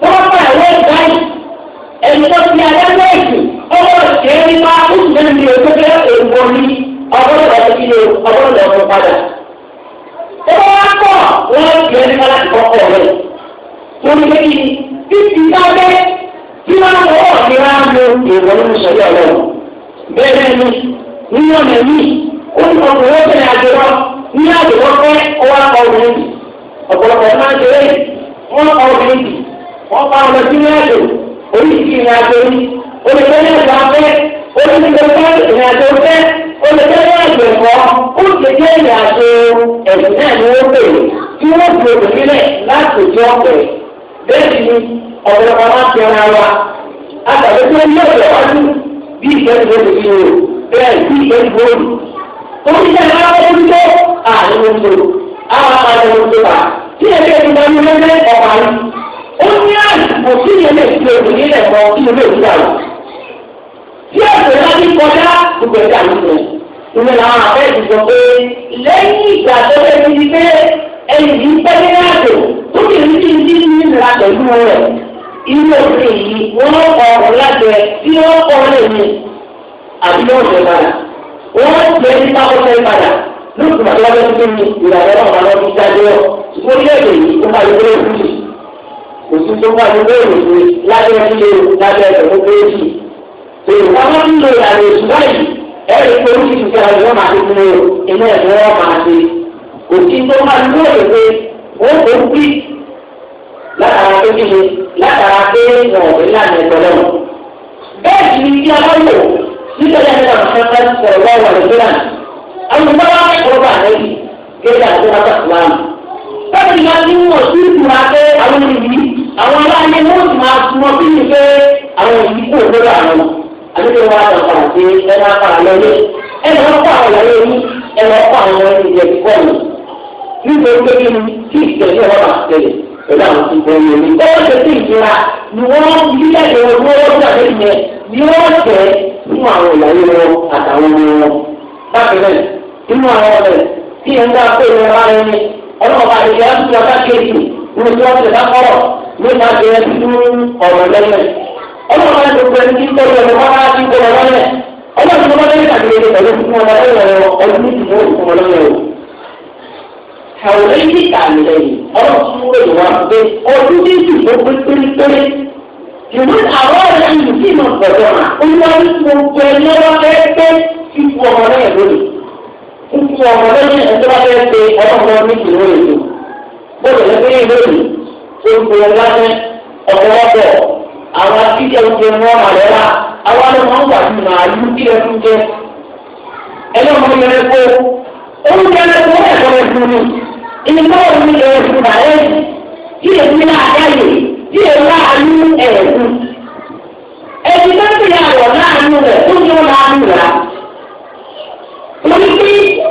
tọ́pọ̀ ẹ̀wọ́ ìdáyì ẹ̀sọ́ ti adájọ́ èsì ọwọ́ ìṣẹ́ ní máa ń sùn ní òkúté èèwọ̀ ní ọgọ́dọ̀ ilé ọgọ́dọ̀ ọ̀rọ̀ padà. ó wá pọ̀ wọ́n jẹ́ ní aláṣẹ kọ́kọ́ rẹ̀ torí pé kí títí lábẹ́ tí wọ́n wọ́ ní wọ́n á lo èèwọ̀ nínú sọ̀rọ̀ ọ̀rọ̀ bẹ́ẹ̀ ni níyàn mẹ́mí ó ní ọkùnrin ó bẹ̀rẹ̀ àjọ ní àjọ wọn fẹ́ ọwọ́ ọkọ̀ obìnrin ọ̀pọ̀lọpọ̀ máa ń ṣeré wọ́n ọkọ̀ obìnrin wọ́n bá ọ̀nà sí ní àjò oríṣi ní olùkọ́ ní àjò afẹ́ olùkọ́ ìrìn àjò ní àjò ẹ̀kọ́ ó ti jẹ́ ìrìn àjò ẹ̀sìn náà ni wọ́n pè tí wọ́n fi òbílẹ̀ láti òjò ọ̀pẹ̀ bẹ́ẹ̀ ni ọ̀pọ̀lọpọ̀ máa ń tẹ̀ra wa àtàwọn tó ń yọ̀ lọ́wọ́dún bí ìfẹ́ ti lè fi o bẹ́ẹ̀ ó ní àsìkò tí yẹn lè fi òní lẹ̀ kọ́ kí ló lè gbà wò. tí ọ̀sẹ̀ náà ti kọjá gbogbo ẹ̀ka nìyẹn ìwé làwọn àbẹ́ẹ̀dì sọ pé lẹ́yìn ìgbà tó lé ní pé ẹni yìí pẹ́ ní àjò tó kì í ti ní ní ìlera pẹ̀lú rẹ̀ irú òfin yìí wọ́n kọ ọ̀rọ̀ lájẹ tí wọ́n kọ lè ní àbí wọ́n jẹ padà wọ́n jẹ nípa ọ̀sẹ̀ padà lókùnrin àti wọ́n bẹ́ẹ̀ tó ní ìlànà ọ̀rọ̀ àwọn ọmọ ìjáde òsì tó wà ní bẹ́ẹ̀ lòdì lábẹ́ ilé lábẹ́ ẹ̀rọ méjì. Èrò wọn ń lo ìlànà ìṣúná yìí ẹ̀rí pé ó ti fi àwọn ọmọ àti fún un iná ẹ̀rọ ọmọ àti. Òsì tó wà ní bẹ́ẹ̀ lòdì wọ́n kò gbí látara pé kíni látara pé wọn ò ní lànà ẹ̀tọ́ lọ́wọ́. Bẹ́ẹ̀ sì ni kí aláwọ̀ nítorí ẹ̀rọ ọ̀sán sọ̀rọ̀ wọ́n wà lọ́wọ́ ó yọ níwọ̀n sí ìtura pé àwọn èyí àwọn aláàyè wọn sì máa súnmọ́ sí ní pé àwọn èyí kò lórí àwọn àdúgbò wa lọ fà sí ẹ máa fà lọlé ẹ lọ kọ àwọn ọ̀rẹ́ yìí ẹ lọ kọ àwọn ọ̀rẹ́ yìí ẹ̀kú pọ̀ nù nítorí pé kí ni kí ìtẹ̀lé ọ̀rọ̀ máa tẹ̀lé pẹ̀lú àwọn tí wọ́n yẹ ní. ó ṣe sí ìtura ni wọ́n yíyá ìwé owó ọjà wọ́n ọlọ́mọba àti ìyá tó lọ́ka kéèkì nínú tí wọ́n ti dá kọ́rọ̀ ní ìgbà tó yẹ kí ọ̀rọ̀ lẹ́yìn. ọlọ́mọba àti ìgbà tí kí tọ́jú ẹni wọ́n bá ti gbọ́dọ̀ lọ́yẹ̀. ọlọ́mọba àti ìgbà tí kí tọ́jú ẹni wọ́n bá ti gbọ́dọ̀ lọ́yẹ̀ àwòrán yìí kà mí lẹ́yìn ọ̀rọ̀ tún wúlò wá pé ọdún méjì ló pé pérépéré ìwé àwọn ọ̀rẹ́ yìí sì mọ̀ gbọ̀dọ̀ mà ó wá ní gbogbo ẹni ọ̀rọ̀ ọmọ náà lónìí títí ọmọ lẹ́yìn ẹ̀tọ́ bá fẹ́ẹ́ ṣe ọlọ́pàá ní ìlú èdè bóyá ẹgbẹ́ ìlú èdè tó ń pè é lásán ọ̀pọ̀lọpọ̀ àwọn akíkẹ́ oúnjẹ ní wọn àlẹ́ wa àwọn ọmọ ń wà nínú àlú kí ẹ tún jẹ ẹlọ́mọ yẹn kó oúnjẹ rẹ kó ẹ̀kọ́ rẹ fún mi ìní náà ní ẹ̀rọ fún bà kí èmi náà dáyè kí èmi náà ní ẹ̀rù ẹ̀mí tó ń pè é àwọ̀ láàánú rẹ̀ tó ń yọ rà.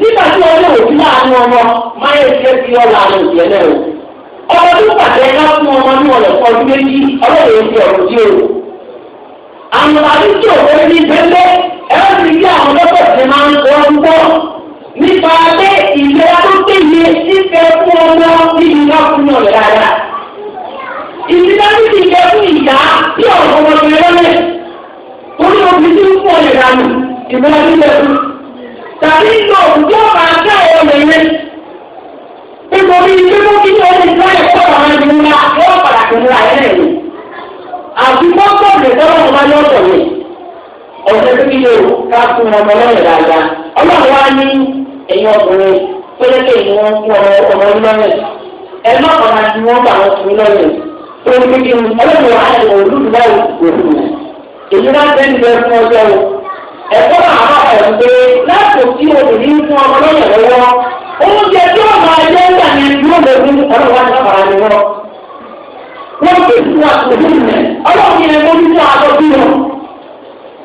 nígbà tí wọn lè òbí láàánú ọmọ máa yẹ kí ẹ fi ọ láàánú ìyẹn náà o ọmọ tó pàtẹ láàánú ọmọ ní ọ̀nà kan ní méjì ọlọ́run ti ọ̀rọ̀ sí o àwọn àdúgbò òwe ní pẹ́pẹ́ ẹ ó ti rí àwọn lọ́pọ̀ tí máa ń sọ ń gbọ́ nípa pé ìlera tó péye sífẹ́ fún ọmọ níbi náà fún ọ̀rẹ́ dáadáa ìdílé tó ti jẹ fún ìyá bí ọ̀rọ̀ ọmọ tàbí yóò yóò máa ká ẹ̀rọ mẹ́rin. Nítorí pé mo kí ní omi ìlú ẹ̀kọ́ àwọn ẹni ńlá yóò padà kì í ra ẹ̀ lẹ́yìn. Àfikún sọ̀rọ̀ ìtọ́lọ́ mo máa yọ̀ sọ̀rọ̀. Ọ̀sẹ̀ tó kí ni o ká fún ọmọ lọ́yẹ̀ dáadáa. Ọlọ́run wá ní ẹ̀yin ọkùnrin pélékè ni wọ́n fún ọmọ ọmọ lọ́yẹ̀. Ẹ má kọ̀ọ̀nà tí wọ́n bá wọn fún lọ́yẹ̀. Olùkíkí ọlọ́run wá ní olùdúrà òkú. Èyí náà fẹ́ẹ́ ẹ̀kọ́ náà wà pẹ̀lú pé láti òkú obìnrin fún ọmọ lọ́yẹ̀ lọ́wọ́ oúnjẹ tí wọ́n máa jẹ́ ń gbà ní ìlú ògùn ọlọ́wọ́ ti fara ni wọ́n. wọ́n fi fún àkókò rẹ̀ ọlọ́run yẹn ló ń fún àgọ́ bí wọn.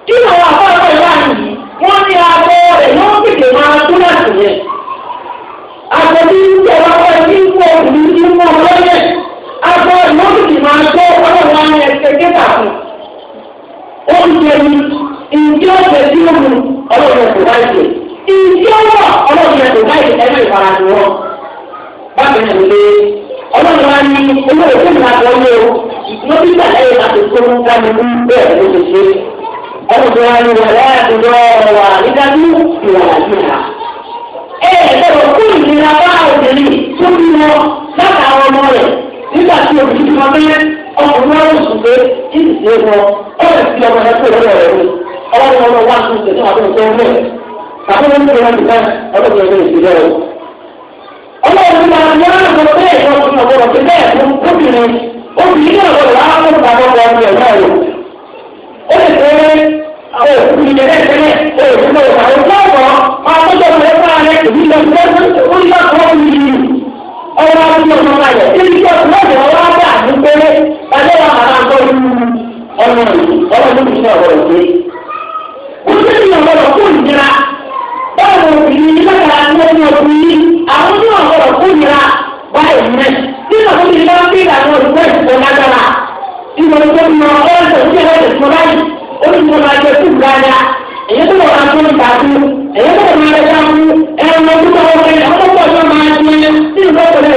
kí ni àwọn àbọ̀rọ̀ ìwà yìí wọ́n ní àgọ́ rẹ̀ ló ń pèsè máa tún láti yẹn. àgọ́ bí ń jẹ́ wọ́pọ̀ ní ìlú obìnrin tí wọ́n lọ́yẹ̀ àgọ́ ìmọ̀lùkì máa tó ọlọ́run ìdí ọ̀sẹ̀ tí ó mú ọlọ́run ẹ̀kọ́ báyìí ìdí ọwọ́ ọlọ́run ẹ̀kọ́ báyìí ẹ̀rọ ìfarahàn wọn. bákan náà lè ọlọ́run wa ní owó òkú ìlà o láti tó ń mú bẹ́ẹ̀ ló ti ṣe. ọlọ́run wa ní nígbàdú ẹ ọlọ́run ọlọ́ wà ní ìṣẹ̀lẹ̀ àwọn ọ̀dọ́ ọ̀dọ́ rẹ̀ tàbí wọ́n ń bẹ̀rẹ̀ láti bá ọlọ́run ọ̀dọ́ ìṣẹ̀lẹ̀ o. olùdíje náà gbọ́dọ̀ kó ìnira báwo obìnrin ní lágbára tí wọ́n ní àwọn tí wọ́n gbọ́dọ̀ kó ìnira báyìí mẹ́ nígbà tó ti lọ́wọ́ sí ìlànà olùkọ́ ìfọ̀ lágbára ìmọ̀lùkọ́ ìmọ̀ ọ̀rẹ́sẹ̀ tó yẹ lọ́sẹ̀ tó báyìí olùdíje náà jẹ́ kú gbáyà èyí tó lọ́wọ́ máa tó ń ta èyí tó lọ́wọ́ máa lọ́wọ́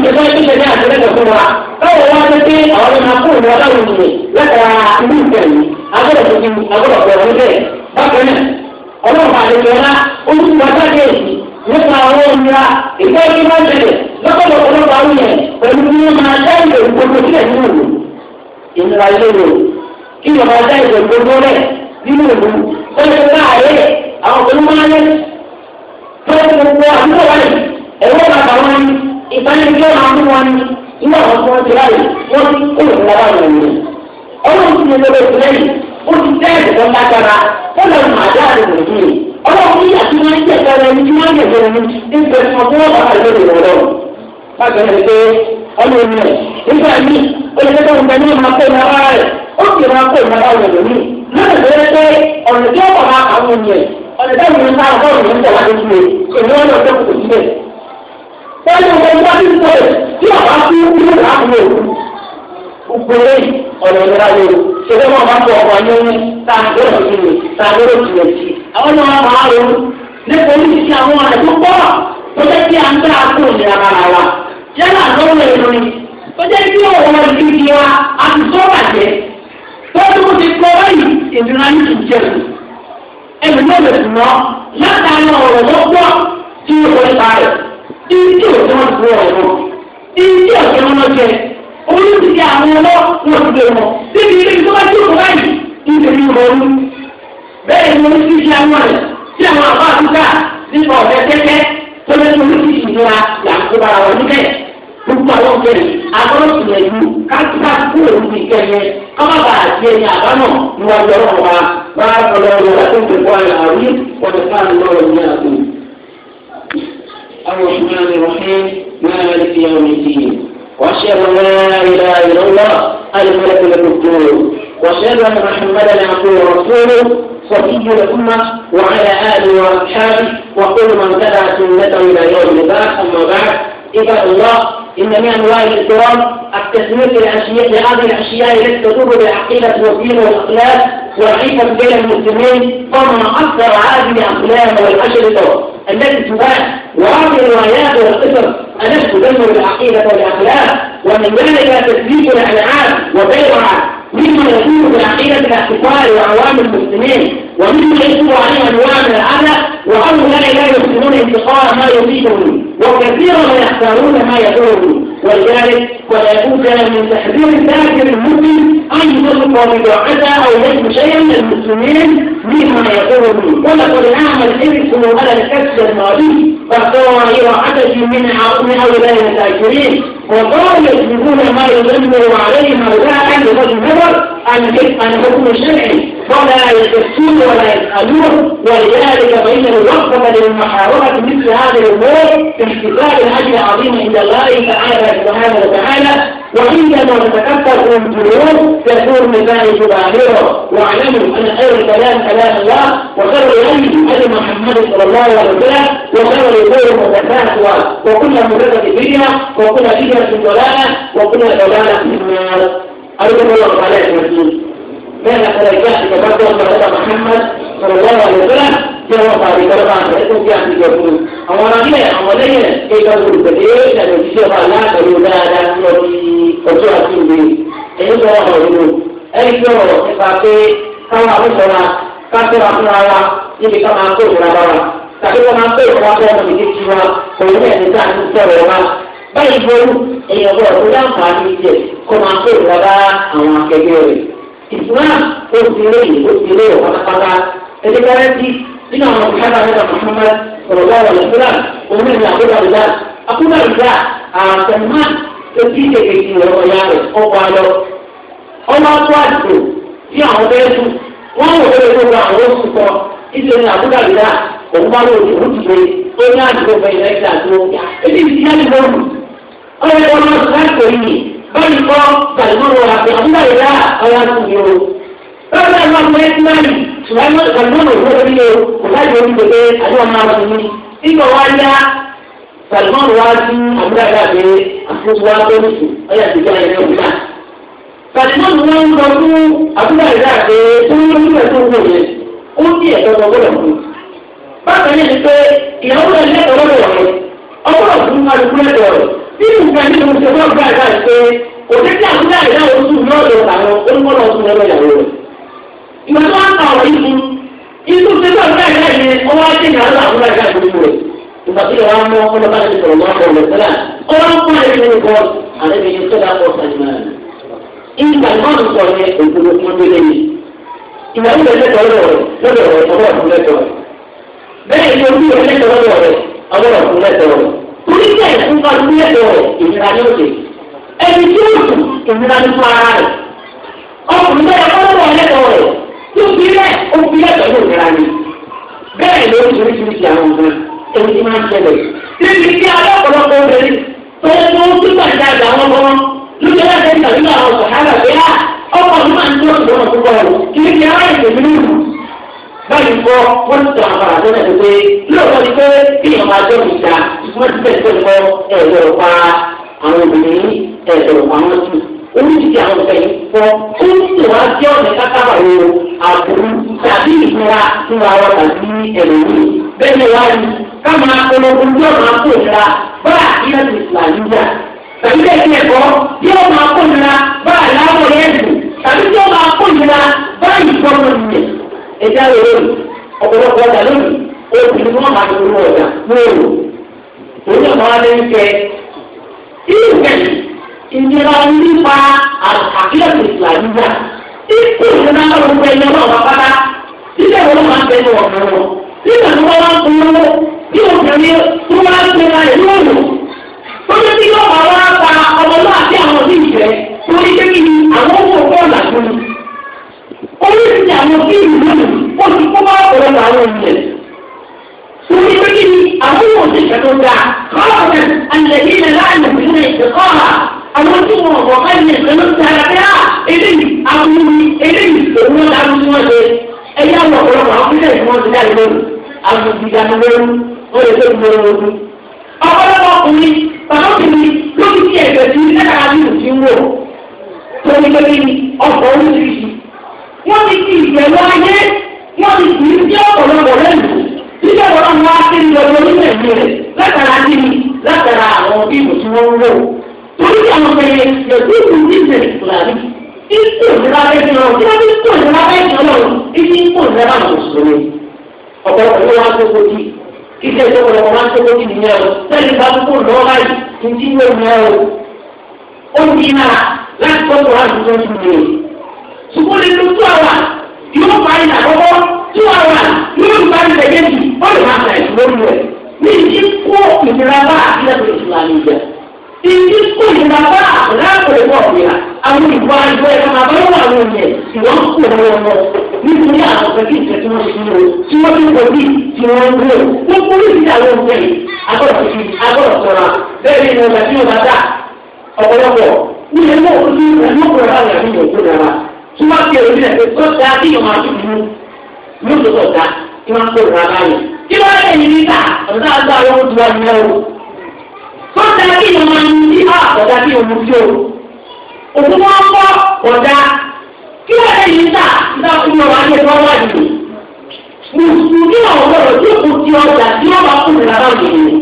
ìjọba ìṣẹ̀lẹ̀ ní àtẹ̀lẹ́ kan fún wa báwo wá ló dé àwọn ọmọ akó ìwọ láwọn ènìyàn látara ìlú ìgbà yìí agbọ́dọ̀ tó ju agbọ́dọ̀ pọ̀ wọn bẹ́ẹ̀ bákan náà ọlọ́run àlejò ọlá olùkọ́ sáké èsì nípa àwọn òmìnira ìgbà yìí máa ṣẹlẹ̀ lọ́kọ̀lọ́ ọlọ́pàá àwọn yẹn pẹ̀lú bí wọ́n máa dá ìlò gbogbo sílẹ̀ nínú ìlú ìnira ilé ìlú kí wọ́n máa dá ìlò gbogbo rẹ̀ nínú ìlú ó lè àwọn pẹ̀lú máa lẹ́ tó gbogbo àdúgbò wáyé ẹ̀rọ bàbá wọn ìbánilẹ́jọ́ máa mú wọn ní ilé àwọn tí wọ́n ti ráyè wọ́n ti kó ìlú lára wọn ní. ọlọ́run ti lè lọ́wọ́ ìlẹ́yìn ó ti dẹ́ ẹ̀dọ́ lágbára ó lọ mọ àdá àdìgbò yìí ọlọ́run ní ìyá tí wọ́n ń jẹ̀dọ́ rẹ ní tí wọ́n ń jẹ̀dọ́ rẹ ní nígbà tí wọ́n fún ọ̀rọ̀ àlọ́ ìrọ̀lọ́ ọlọ́run rẹ̀ nígbà míì ó lè tẹ́tọ́ nǹkan ní ìmọ̀ kó ìmọ̀ ara rẹ̀ ó sì máa kó ìmọ̀ ara rẹ̀ lómi lọ́nà tó yẹ pé ọ̀nà tí ó kọ̀ máa àwọn ènìyàn ọ̀nà táwọn ènìyàn bá ọgọ́rùn-ún ń tẹ̀wá lójú rẹ̀ èmi wọn lọ sọ́kùnkùn síbẹ̀ pẹ̀lú wọn wọ́n ti sọ ẹ̀ tí ọ̀bá tí ń bí láàbù òkú rẹ̀ ọ̀rọ̀ ìlera lè ṣẹlẹ̀ wọn bá tọ ọmọ yẹn ní tàǹdọ̀rọ̀ ìlú tàǹdọ̀rọ̀ ìlú ẹ̀jì àwọn náà máa rò nítorí ti àwọn ọ̀rẹ́ tó pọ̀ tó jẹ́ kí à ń dá àpò ìlera ara wa yálà lọ́wọ́ ìrìn tó jẹ́ kí òun ìlú di a àti tó bàjẹ́ tó tó ti kọ́ báyìí ìdúrà ní ìjẹ̀kù ẹ̀mí náà lè dùn ọ́ látàrí ọ̀rọ̀ tó pọ̀ tí ó ń parẹ́ ìdí òjò wọn ti ọ̀rọ̀ ìdí òjò wọn jẹ orí ti di àwọn ọlọ́ wọn ti bẹ̀rẹ̀ wọn síbi ilé tó bá jókòó báyìí nítorí ìrọ̀rù bẹ́ẹ̀ ni orí ti di àwọn rẹ̀ tí àwọn àbá àdúgbà nípa ọ̀rẹ́ kẹ́kẹ́ tó lé ní orí ti ìnira làkúbà wọn níbẹ̀ gbogbo àwọn ọ̀gbẹ́ni agbọ́dọ̀tún ẹ̀yú káńtà kúrò ní ìkẹyẹ kọ́mọ̀bà àti ẹ̀yẹ àbámọ̀ níwájú ọlọ́run wa bá ọlọ́run wa tó ń tẹ̀kọ́ àyà wọ́n ti fáwọn ọlọ́run ní الرحمن الرحيم مالك يوم الدين وأشهد أن لا إله إلا الله الملك المقدور وأشهد أن محمدا عبده ورسوله صفي الأمة وعلى آله وأصحابه وكل من تبع سنته إلى يوم البعث أما بعد عباد الله إن من أنواع الإكرام التسمية لأشياء لهذه الأشياء التي تدور بالعقيدة والدين والأخلاق والعفة بين المسلمين فمن أكثر هذه الأخلاق والأشرطة التي تباح وهذه الروايات والقصص أنها تدمر العقيدة والأخلاق ومن ذلك تثبيت الأنعام وبيعها مما يكون في عقيدة الاحتفال وعوام المسلمين ومما يكون عليه أنواع من العمل وهؤلاء لا المسلمون انتقاء ما يفيدهم وكثيرا ما يختارون ما يضرهم ولذلك ولا بد من تحذير ذلك المسلم أن يطلق بضاعته أو يجب شيئا للمسلمين مما يقول ولقد أعمل إبسه على الكسر الماضي فاختار عدد من هؤلاء التاجرين وقالوا يجبون ما يدمر عليه هؤلاء عند وجه النظر عن حكم الشرعي ولا يكسون ولا يسألون ولذلك فان الوقفه للمحاربة مثل هذه الأمور في احتفال الأجر العظيم عند الله تعالى سبحانه وتعالى وعندما نتكفر من الجنود يدور لله جباهيره واعلموا ان خير الكلام كلام الله وخير الهدي هدي محمد صلى الله عليه وسلم وخير الامور محدثاتها وكل مدرسه فيها وكل في ضلاله وكل ضلاله في النار ارجو الله تعالى المسلم كان خليفه ان مع محمد صلى الله عليه وسلم tí wọ́n pàdé kọ́lọ́bà àti ẹ̀kọ́ bí àtijọ́ fún un. àwọn ọmọdé àwọn lẹ́yìn ẹ̀ka olùpẹ̀lẹ́ ìṣẹ̀lẹ̀ òṣìṣẹ́ wa láàbẹ̀rẹ̀ dáadáa lọ sí ọjọ́ àti ìwé ẹ̀yìn tó wà lọ́wọ́ lò ẹ̀yìn tó wọ̀ nípa pé káwọn àmúṣọra káfíńwá fúnra wa níbi ká máa kó ìrora bá wa tàbí wọn máa kó ìrora bá wọn níbi tí wa pẹ̀lú ẹ̀mí tá à ń sọ̀rọ̀ wa báyìí bọ́lú èèyàn bọ̀ ló láǹfààní jẹ kó máa kó ìrora nínú ah, àwọn ọ̀kadà nígbà Muhammad sọ̀rọ̀lá ọ̀lọ́sọ́lá òun ní àbúrò àbúrò àbúrò àbúrò àtẹ̀má etí kékeré ọ̀rọ̀ ya rẹ̀ ọkọ̀ alọ́ ọmọ akọ àdìgbò tí àwọn bẹ́ẹ̀ tún wọ́n wò lórí gbogbo àwọn oṣù kọ ìṣe ní àbúrò àbúrò òun bá wò lórí òun ti gbé ó ní àdìgbò bẹ́ẹ̀ lẹ́yìn àdìgbò ètí ti yá nígbà òun ọ̀rẹ́ ọmọ ìgbàgbọ́ yìí báyìí kọ́ gbàgbọ́ wọn àti àbúrò àbúrò ọ̀rẹ́ àtúnyẹ̀wò ṣùgbọ́n Sàlùmọ́nù ò lórí o kò láti orí pé àdúrà máa wà ní. Nígbà wá yá Sàlùmọ́nù wá sí àbúrò àgbàgbé àfúnṣe wá tó nìkú ọ̀yà ìdíjà ẹ̀rọ ìgbà. Sàlùmọ́nù wá ń lọ fún àbúrò àgbàgbé tó ń lórí ẹ̀ tó ń wò yẹn. Ó ní ẹ̀tọ́ ọgbọ́dọ̀ fún. Bákan náà ni pé ìyàwó rẹ̀ lẹ́tọ̀ọ́ lọ́dọ̀ rẹ̀ ọgbọ́dọ̀ fún alùpùpù lẹ́tọ̀ọ́ rẹ̀. Nínú nǹkan nínú ìṣèwọ́ àgbà àgbà ṣe òṣèlú àbúrò àgbà oṣù lọ́dọ̀ àwọn olùkọ́ ìgbà tó wá ń ta ọ̀rọ̀ yìí fún inú tí wọ́n ká ìyá yẹn ọwọ́ ajé ìyá lọ àwọn ẹ̀ka ìgbìmọ̀ rẹ̀ ìgbà tó yẹ wá mọ́ ọkọ lọ́ba ti sọ̀rọ̀ lọ́wọ́ ọ̀rọ̀ sẹ́lá ọwọ́ ń pa ẹ̀ka ìyẹn kọ́ àlẹ́ mi yẹn sọ́dà pọ̀ sàlìmọ́ ìgbà náà ń sọ̀rọ̀ yẹn òkúrò fún délé yìí ìgbà tó yẹ lẹ́tọ̀ọ́ lọ́dọ̀ rẹ̀ ọgbọ́n fún lẹ́tọ̀ọ́ rẹ̀ bẹ́ẹ̀ ni ojú yẹ lẹ́tọ̀ọ́ lọ́dọ̀ rẹ̀ ọgbọ́n fún lẹ́tọ̀ọ́ rẹ̀ torí bẹ́ẹ̀ ń bá fún lẹ́tọ̀ọ́ rẹ̀ ìnira ní òkè ẹni tí ó kù ìnira ní fún ara rẹ̀ ọkùnrin bẹ́ẹ̀ ọgbọ́n fún lẹ́tọ̀ọ́ rẹ̀ tí ó fi rẹ̀ ó fi rẹ̀ pẹ̀lú ìlera ni bẹ́ẹ̀ ló ń oríṣiríṣi àwọn nǹkan èyí ti máa ń ṣẹlẹ̀ níbi tí alákọ̀ọ́lọ́pọ̀ obìnrin tó ń mú sígbà ní àgbà àwọn ọmọ wọn lójú ẹ̀rọ ṣe ń tàbí náà àwọn sọ̀hálà pé á ah, ọkọ̀ ọdún máa ń tó ọ̀dọ́ ọ̀dọ́ púpọ̀ rẹ̀ kì í ṣe ara ìṣèlú nínú báyìí kọ́ wọ́n ti tọ́ àwọn àgbà náà pé lóòótọ́ ni pé kí ìyọ̀mọ̀ àbúrú tàbí ìfura fúnra wa tàbí ẹlòmíì bẹ́ẹ̀ ni wá ní káma ológun yóò máa kó ìlera bá àkíyàn ti là níyà tàbí bẹ́ẹ̀ ni ẹ̀kọ́ yóò máa kó ìlera bá àláwọ̀ yẹn dùn tàbí yóò máa kó ìlera bá ìfọ̀mọ̀ nìyẹn ẹja lóore ọ̀pọ̀lọpọ̀ ọjà lónìí oṣù tí wọ́n máa ń lo ọjà lóòrò òun máa lé ń jẹ ikú ìṣúná lọ́wọ́ pé ẹni ọlọ́wọ́ pátá ilé ìwọ́n máa ń bẹ ní ọ̀kan wọn nígbà tí wọ́n wá ń kun lọ́wọ́ tí obìnrin tó wá ń pe ara ìlú òòlù ó ní yóò máa wá pa ọmọ náà àti àwọn òbí ìfẹ́ tó ní pé kí àwọn owó bọ́ọ̀lù àtún oríṣiríṣi àwọn òbí ìlú ó ti kó bá ọ̀pọ̀lọpọ̀ àwọn òbí torí tó dáa kọ́ ọ̀rẹ́ àlẹ́ yìí lẹ́la àwọn tí wọn ọ̀rọ̀ mẹ́rin ẹ̀sẹ̀ ló ń tara pé á ah, eléyìí abúlé eléyìí òun náà dáa ní wọn ṣe ẹyẹ àwọn ọ̀pọ̀lọpọ̀ àwọn fúnlẹ̀ ní wọn ti dá ìlú àwọn ìdíjáde lóru wọn lè tó ìlú lóru. ọ̀pọ̀lọpọ̀ ọkùnrin bàbá obìnrin ló ti fi ẹ̀gbẹ́ sí ilé kára ní òsì ń wò tóbi tóbi ọkọ̀ oríṣiríṣi. wọ́n ti ti ìgbẹ̀wò ayé wọ́n ti kì í jẹ́ ọ̀pọ̀lọpọ̀ lẹ́nu títẹ̀ wọn porque a torí àwọn ọmọ ẹ̀yẹ yẹ̀dú ìlú nílẹ̀ ìsìlámì ikú ìlera bẹ́ẹ̀ náà kí wọ́n ikú ìlera bẹ́ẹ̀ náà ibi ikú ìlera mùsùlùmí ọ̀pọ̀lọpọ̀ wọn á tó kojú iṣẹ́ tó wọlé wọn á tó kojú nìyẹn o sẹ́yìn bá tó kó lọ́wọ́ báyìí tuntun ìwé nìyẹn o ó ní iná láti tó kó láti tó tún lè ṣùgbọ́n nínú tó àwà yóò bá ìlà kọ́kọ́ tó àwà yóò bá ìlà yẹn jù ó lè má tí kò ní ma bá àkùnrin àkùnrin bọ̀ bíyà àwọn ìwà ìwà ẹ̀ka máa bá wà lóun yẹn ìwọ́n kò ní wọn lọ nítorí àwọn ọ̀sẹ̀ kí ìṣẹ́ tí wọ́n ti lò tí wọ́n ti wọ bí tí wọ́n ń lò wọ́n kúrò sí àwọn ọ̀sẹ̀ yìí agbọ́dọ̀ sí agbọ́dọ̀ sọ̀rọ̀ bẹ́ẹ̀ ni ọ̀gá tí ọ̀gá dà ọ̀pọ̀lọpọ̀ nílẹ̀ mọ́ òkúti ìlú ọ̀pọ̀lọpọ̀ àwọn ìyàwó ìyàwó ìyàwó tí wọ́n ti rí ẹ̀ pé tó ta kí ìyọ̀mọ̀ àtúntò yóò tó tọ̀ ta kí wọ́n kó ìrànlọ́wọ́ tó dáa kí ọmọ ní á ah, ọ̀dà kí ọmọ sí o òkú wọn kọ́ ọ̀dà kí wọ́n lè ní ta ìdá fún mi wà ní ẹ̀kọ́ wà yìí mùsùlùmí àwọn ọ̀rọ̀ tí kò ti ọjà tí wọ́n bá kún ìlànà òyìnbó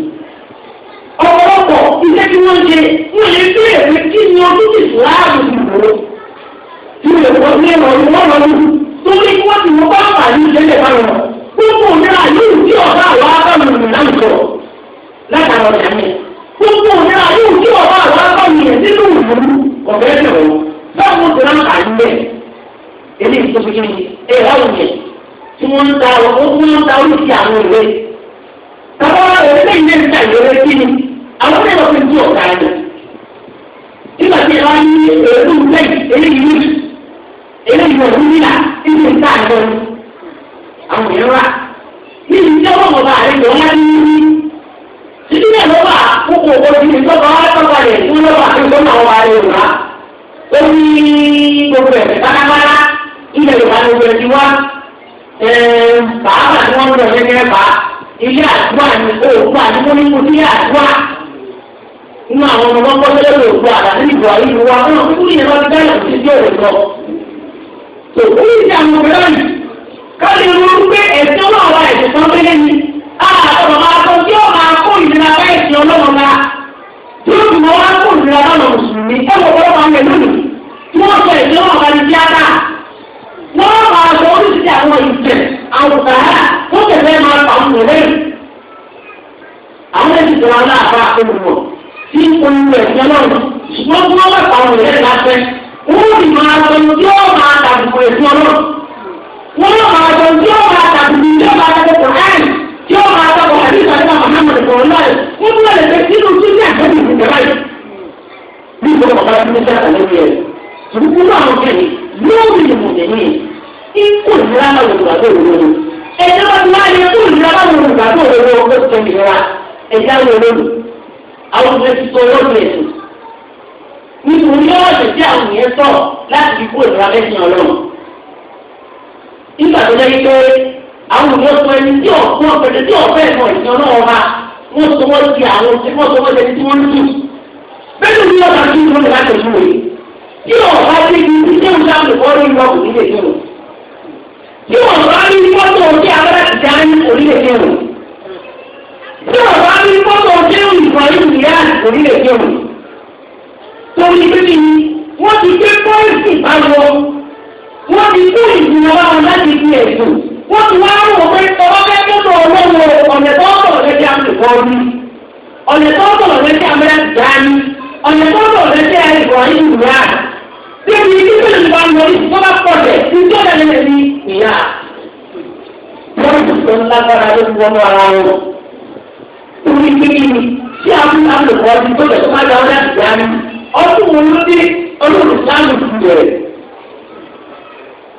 ọ̀pọ̀lọpọ̀ ilé tí wọ́n ṣe wọ́n lè fi èrè kí ni ọdún ti fún láàrú ìdìbò tí wọ́n lè wọ́n ní ọ̀rọ̀ wọn lọ ní tó ní kí wọ́n ti mú bá gbogbo ní ayé òkè ọba àwọn akọni rẹ nínú ìlú ọbẹ rẹ o báwo ti rán àyè eléyìí tó fi kí ẹ ráwùn yẹn tí wọn ń ta ọ wọn ń ta oríṣi àwọn ìwé bàbá wa rẹ lẹ́yìn lẹ́yìn ìwé kí ni àwọn ẹ̀rọ fi tú ọ̀gá rẹ nígbà tí wọn ní èrú lẹ́yìn eléyìí ní eléyìí ọ̀hún nílà nínú ìta àgbọn àwọn ìrora nínú ìjọba ọba títí náà lọ́wọ́ àkókò ojú ìtọ́ba tọ́ba rẹ̀ ní lọ́wọ́ àkókò náà wà lè wá ó ní gbogbo ẹ̀fẹ̀ pátápátá ilẹ̀ yorùbá ló gbẹ̀ tiwa bàbá tí wọ́n ń lọ gẹ́gẹ́ bá ilé àdúrà ní òògùn àdúgbò ní kò sí àdúrà nínú àwọn ọmọ ọgbọ́n tó lọ́wọ́ òògùn àdàní ìbò ìlú wa fún ọdún yìí lọ sí dáyọ̀ sí sí òògùn lọ. tó o ní ti àwọn obìnrin ká lè ronú pé ẹ̀sìn ọlọ́ọ̀wá ẹ̀sìn kan fẹ́lẹ́ ni àtọ̀rọ̀ máa tó tí ó máa kó ìnira bá ẹ̀sìn ọlọ́run la tí ó sì máa kó ìnira bá lọ́wọ́ mùsùlùmí ẹ wọ ọ̀rọ̀ máa ń lè lónìí tí wọ́n sọ ìṣẹ́ wọn bá ní bí ata wọ́n máa sọ oríṣiríṣi àwọn ìṣẹ̀ àwùjọ àrà wọ́n tẹ̀lé máa fà ń lò àwọn ẹ̀sìn ìjọba náà bá olùwọ̀ tí olùwọ̀ ẹ̀sìn ọlọ́run ṣùgbọ́n tí wọ́n wẹ̀ fà ń lò lẹ́yìn wọ́n sì máa sọ tí ó máa tàbùkù ẹ̀sìn ọlọ́run wọ́n máa sọ tí ó máa tàbùkù ìjọba àtàkùn tí ó máa tọ́kọ̀ àti ìtàkùn àwọn Muhammad sọ̀rọ̀ lọ́yẹ̀ wọ́n tún lè fẹ́ sínú tí ní àgbẹ̀bí ìgbìmọ̀ báyìí. bí ìgbà wọn bá ní sẹ́ àlejò ẹ̀ ṣùgbọ́n nínú àwọn kẹ́ni yóò rí ìmọ̀ nìyí ikú ìlera náà wò lùgbàdo òwúrò ẹ̀jẹ̀ wọn ti wá ikú ìlera náà wò lùgbàdo òwúrò owó ní ẹ̀sùn nítorí ọwọ́ ìṣẹ̀jẹ̀ àwọn olùyọ̀sọ ẹni tí ọ̀fún ọ̀fẹ́dẹ tí ọ̀fẹ́ ẹ̀mọ́ ìṣẹ́ ọlọ́wọ́ bá wọ́n sọ wọ́n di àwọn oṣù wọ́n sọ wọ́n di ẹni tí wọ́n lù. bẹ́ẹ̀ ni wọ́n máa dúró lọ́dọ̀ láti ìlú rẹ̀ tí ọ̀fà débi tí sẹ́wọ́n sáà lè kọ́ lórí wọn kò nílé kírun. tí ọ̀fà rí fọ́tò ọ̀kẹ́ abẹ́rẹ́ ti dá ní onílé kírun. tí ọ̀fà rí fọ́tò ọ̀kẹ́ ìfọ̀rí ìyá onílé kírun wọ́n ti wá rò pé ọwọ́ bẹ́ẹ̀ tó tọ̀ ọlọ́wọ́ ọ̀nà tó tọ̀ lẹ́sẹ̀ àmì ọ̀nà tó tọ̀ lẹ́sẹ̀ àmì dání ọ̀nà tó tọ̀ lẹ́sẹ̀ ìwọ̀nyí ìwúrà bí ẹni ní bí ẹni bá lọ yìí wọ́n bá pọ̀ jẹ́ tí tó dẹ̀ lẹ́sẹ̀ ní ìyá. wọ́n ti sọ lágbára ló ń wọ́n ara wọn. orí kíkí ni tí a fún àlùkò ọdún tó tẹ̀ tó má lọ ọdún àti dání ọdún wo ló dé ọlọ́run sáà lù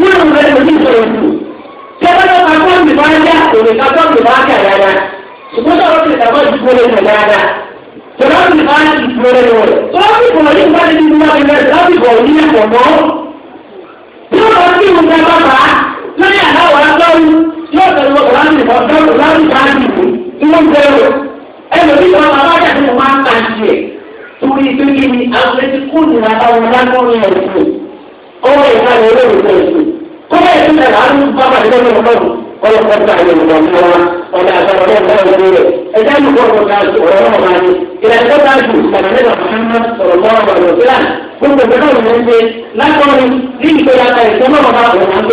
nínú ìwé lórí ìṣòro tù tí a bá lọ ka bọ́ọ̀lù bá yá òní ka bọ́ọ̀lù bá kà dáadáa ṣùgbọ́n tó àwọn ìta bọ́ọ̀lù gbólé nà dáadáa tọ́lá ti bá yá ti gbólé nà wọlé tọ́lá ti bọ̀ ní ìgbà tí wọ́n ti bẹ̀rẹ̀ tọ́lá ti bọ̀ ní ẹ̀kọ́ mọ́ tí wọ́n bá ti wù ká bá lórí àdáwọ̀ agbáwù yóò tẹ̀lé wọn tọ́lá ti bọ̀ tọ́lá ti bá ti wù ìwọ́n tẹ̀lé ẹlòmí kan abájà tó máa ń ta tiẹ̀ torí pé kí ni àwọn ẹni kúndùn àbáwọn lágbọ́n yẹn fún ọwọ́ ìka lè lóòótọ́ ìfún kọ́lá yẹn tẹ́lẹ̀ rà á ní bàbá àdéhùn ọmọdún kọ́lá kọ́lá yẹn lọ́wọ́ lọ́wọ́ ọ̀dà àtàwọn ọ̀dọ́ ọ̀dọ́ ọ̀dọ́ rẹ̀ ẹ̀dá ní kọ́ ọ̀dọ́ káàdù ọ̀rọ̀ ọ̀rọ̀ máa ní ìlànà tó káàdù sàmàlẹ́dà Muhammad sọ̀rọ̀ lọ́wọ́ ọ̀dọ̀ sílá gbogbo ìgbà náà ló ń gbé lákọrin ní ìgbéra ka ìgbẹ́ náà bá wọn máa ń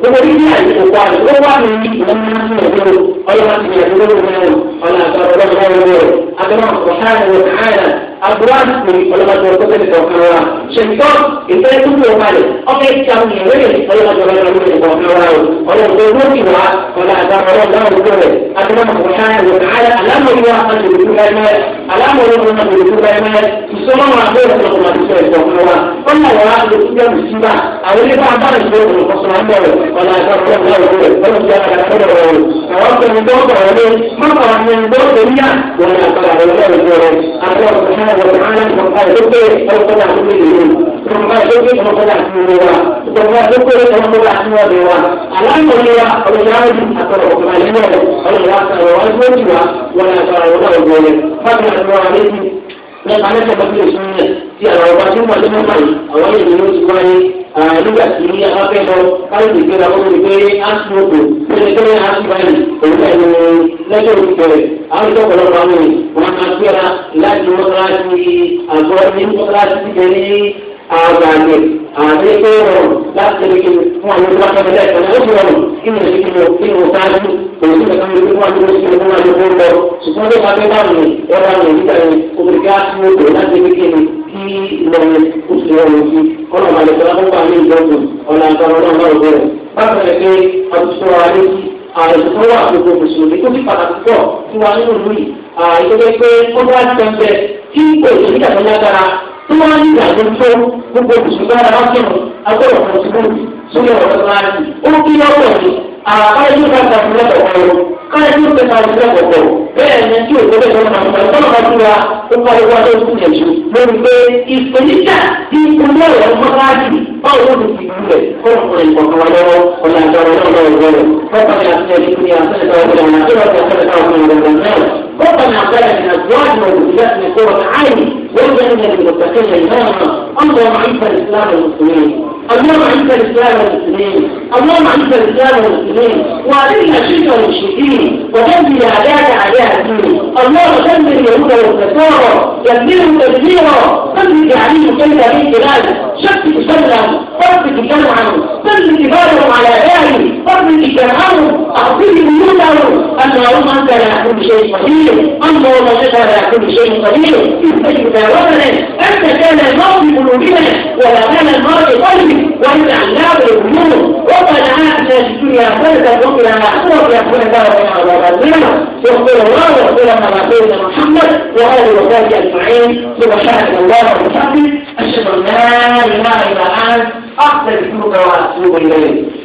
gbogbo ní ní àyè òkú àti owó wà ní ìgbà náà ń gbé ọlọ́wọ́ ọlọ́run sọ̀rọ̀ lọ́wọ́ lọ́wọ́ abẹ́rẹ́ ọ̀sán wọ̀ káyà abúlé mi ọlọ́run sọ̀rọ̀ tó tẹ̀lé kọ̀ọ̀kan wa ṣèǹtọ́ ìfẹ́ dúró kalẹ̀ ọkẹ́ ìjàmù ìrẹ́lẹ̀ ọlọ́run sọ̀rọ̀ lọ́wọ́ tẹ̀lé kọ̀ọ̀kan wa ọlọ́run tó lókì wá ọlọ́run sọ̀rọ̀ lọ́wọ́ lọ́wọ́ rẹ̀ abẹ́rẹ́ ọ̀sán wọ̀ káyà alámọ̀lẹ́ wa kan lè dúró báyìí mẹ́ alámọ̀lẹ́ wa kan lè dúró báyìí mẹ́ ìsọmọ wa bẹ́ẹ̀ sọ̀rọ̀ ma ti sọ̀rọ̀ kọ̀ọ̀kan wa ọ̀nà wa lè ti jẹ́ mùsùlùmá àwọn ilé bá a bá a sọ̀rọ̀ kọ̀ọ̀kan wa mẹ́rẹ̀ ọ̀nà àgbà kọ̀ọ̀kan wa rẹ̀ ọ̀nà ìjọba kọ̀ọ̀kan wa rẹ̀ ọ̀nà ìjọba kọ̀ọ̀kan wa rẹ̀ ينظر إليا ولا قال ولا ينظر الله سبحانه وتعالى وقال ذكر وقال ذكر ثم قال ذكر وقال ذكر ثم قال ذكر وقال ذكر الآن هو رجال أكثر وقال ذكر الله سبحانه وتعالى ولا قال ولا ينظر فقال الله عليه لقد نتبت السنة tí àwọn ọba tó wà lọ́wọ́ báyìí àwọn èèyàn ló ti wáyé nígbà tí àwọn fẹ́ lọ káyọ̀ lè gbé lọ́wọ́ lè gbé asinogo lè gbé asinogo òun náà lè lẹ́jọ́ òun bẹ̀rẹ̀ àwọn ìjọ ọ̀pọ̀lọpọ̀ àwọn èèyàn wọn máa gbéra láti wọ́n láti àgọ́ ní wọ́n láti àgbàlè àti tó rọrùn láti rí kíni fún àwọn ìlú wákàtí lẹ́ẹ̀kan ó ti rọrùn kí ni èsì kíni o kí ni o sáájú òun ti kàkà ìlú wọn ló ti fún àwọn ìlú lọ ṣùgbọ́n tó máa fẹ́ bá mi ẹ wá mi nígbà yẹn obìnrin ká sí odò láti rí kíni kí ìlọrin ó sì rọrùn sí ọ̀nà àmàlẹ́kọ̀ọ́ lápapọ̀ àmì ìjọ́sìn ọ̀nà àgbàrọ̀ náà náà rẹ̀ bákan ẹ̀ pé àtúntò àìsàn wà gbogbo mùsùlùmí tó ti pàtàkì pọ̀ tí wà nínú ìlú yìí àìsàn pé ó bá tẹ̀ ń bẹ tí kò sí ìdàgbàsókè tí wọ́n ní ìyàgbé tó gbogbo ìṣúná lọ́sọ̀rọ̀ agbọ́dọ̀ kan sí lórí sórí ọ̀rọ̀ náà ní. ó kí lọ́wọ́ ni àbá yóò bá ta fún lọ́kọ̀ kan lọ káyọ̀ yóò fẹ́ ta fún lọ́kọ̀ kan bẹ́ẹ̀ ni tí o gbọ́dọ̀ sọ́nà máa ń sọ̀rọ̀ sọ́nà máa tura ó kọ́ owó adó báwo ló ti fi bẹ̀ fọ́ọ̀mù ìkọ̀kan wa lọ́wọ́ ọ̀nà àgbàrá náà lọ́wọ́ lọ́wọ́ fọ́ọ̀mù ìyàtọ̀ ìdíkùnrin àti ìtọ́wọ́n ìyàtọ̀ ìtọ́wọ́n ìtọ́wọ́n ìtọ́wọ́n ìtọ́wọ́n ربنا اعتلى من أزواج وذريات من قرة عين وجعلنا للمتقين إماما اللهم عز الإسلام والمسلمين اللهم عز الإسلام والمسلمين اللهم عز الإسلام والمسلمين وأذل شرك المشركين ودمر أعداء أعداء الدين اللهم دمر اليهود والنصارى دمرهم تدميرا دمر عليهم كيد أبي الهلال شتت شر فرد جمعهم سل جبالهم على ذلك فرد جمعهم أعطيه بيوتهم اللهم أنت على كل شيء قدير اللهم أنت على كل شيء قدير إذا وزنا أنت كان المرء قلوبنا ولا كان المرء قلبي وأنت علام الغيوب وقد عادنا الدنيا فلتكن إلى مأسورة يكون دارنا على ربنا واغفر الله واغفر لنا سيدنا محمد وآل وصحبه أجمعين سبحانك الله وبحمدك أشهد أن لا إله إلا أنت أقبل بك وأتوب إليك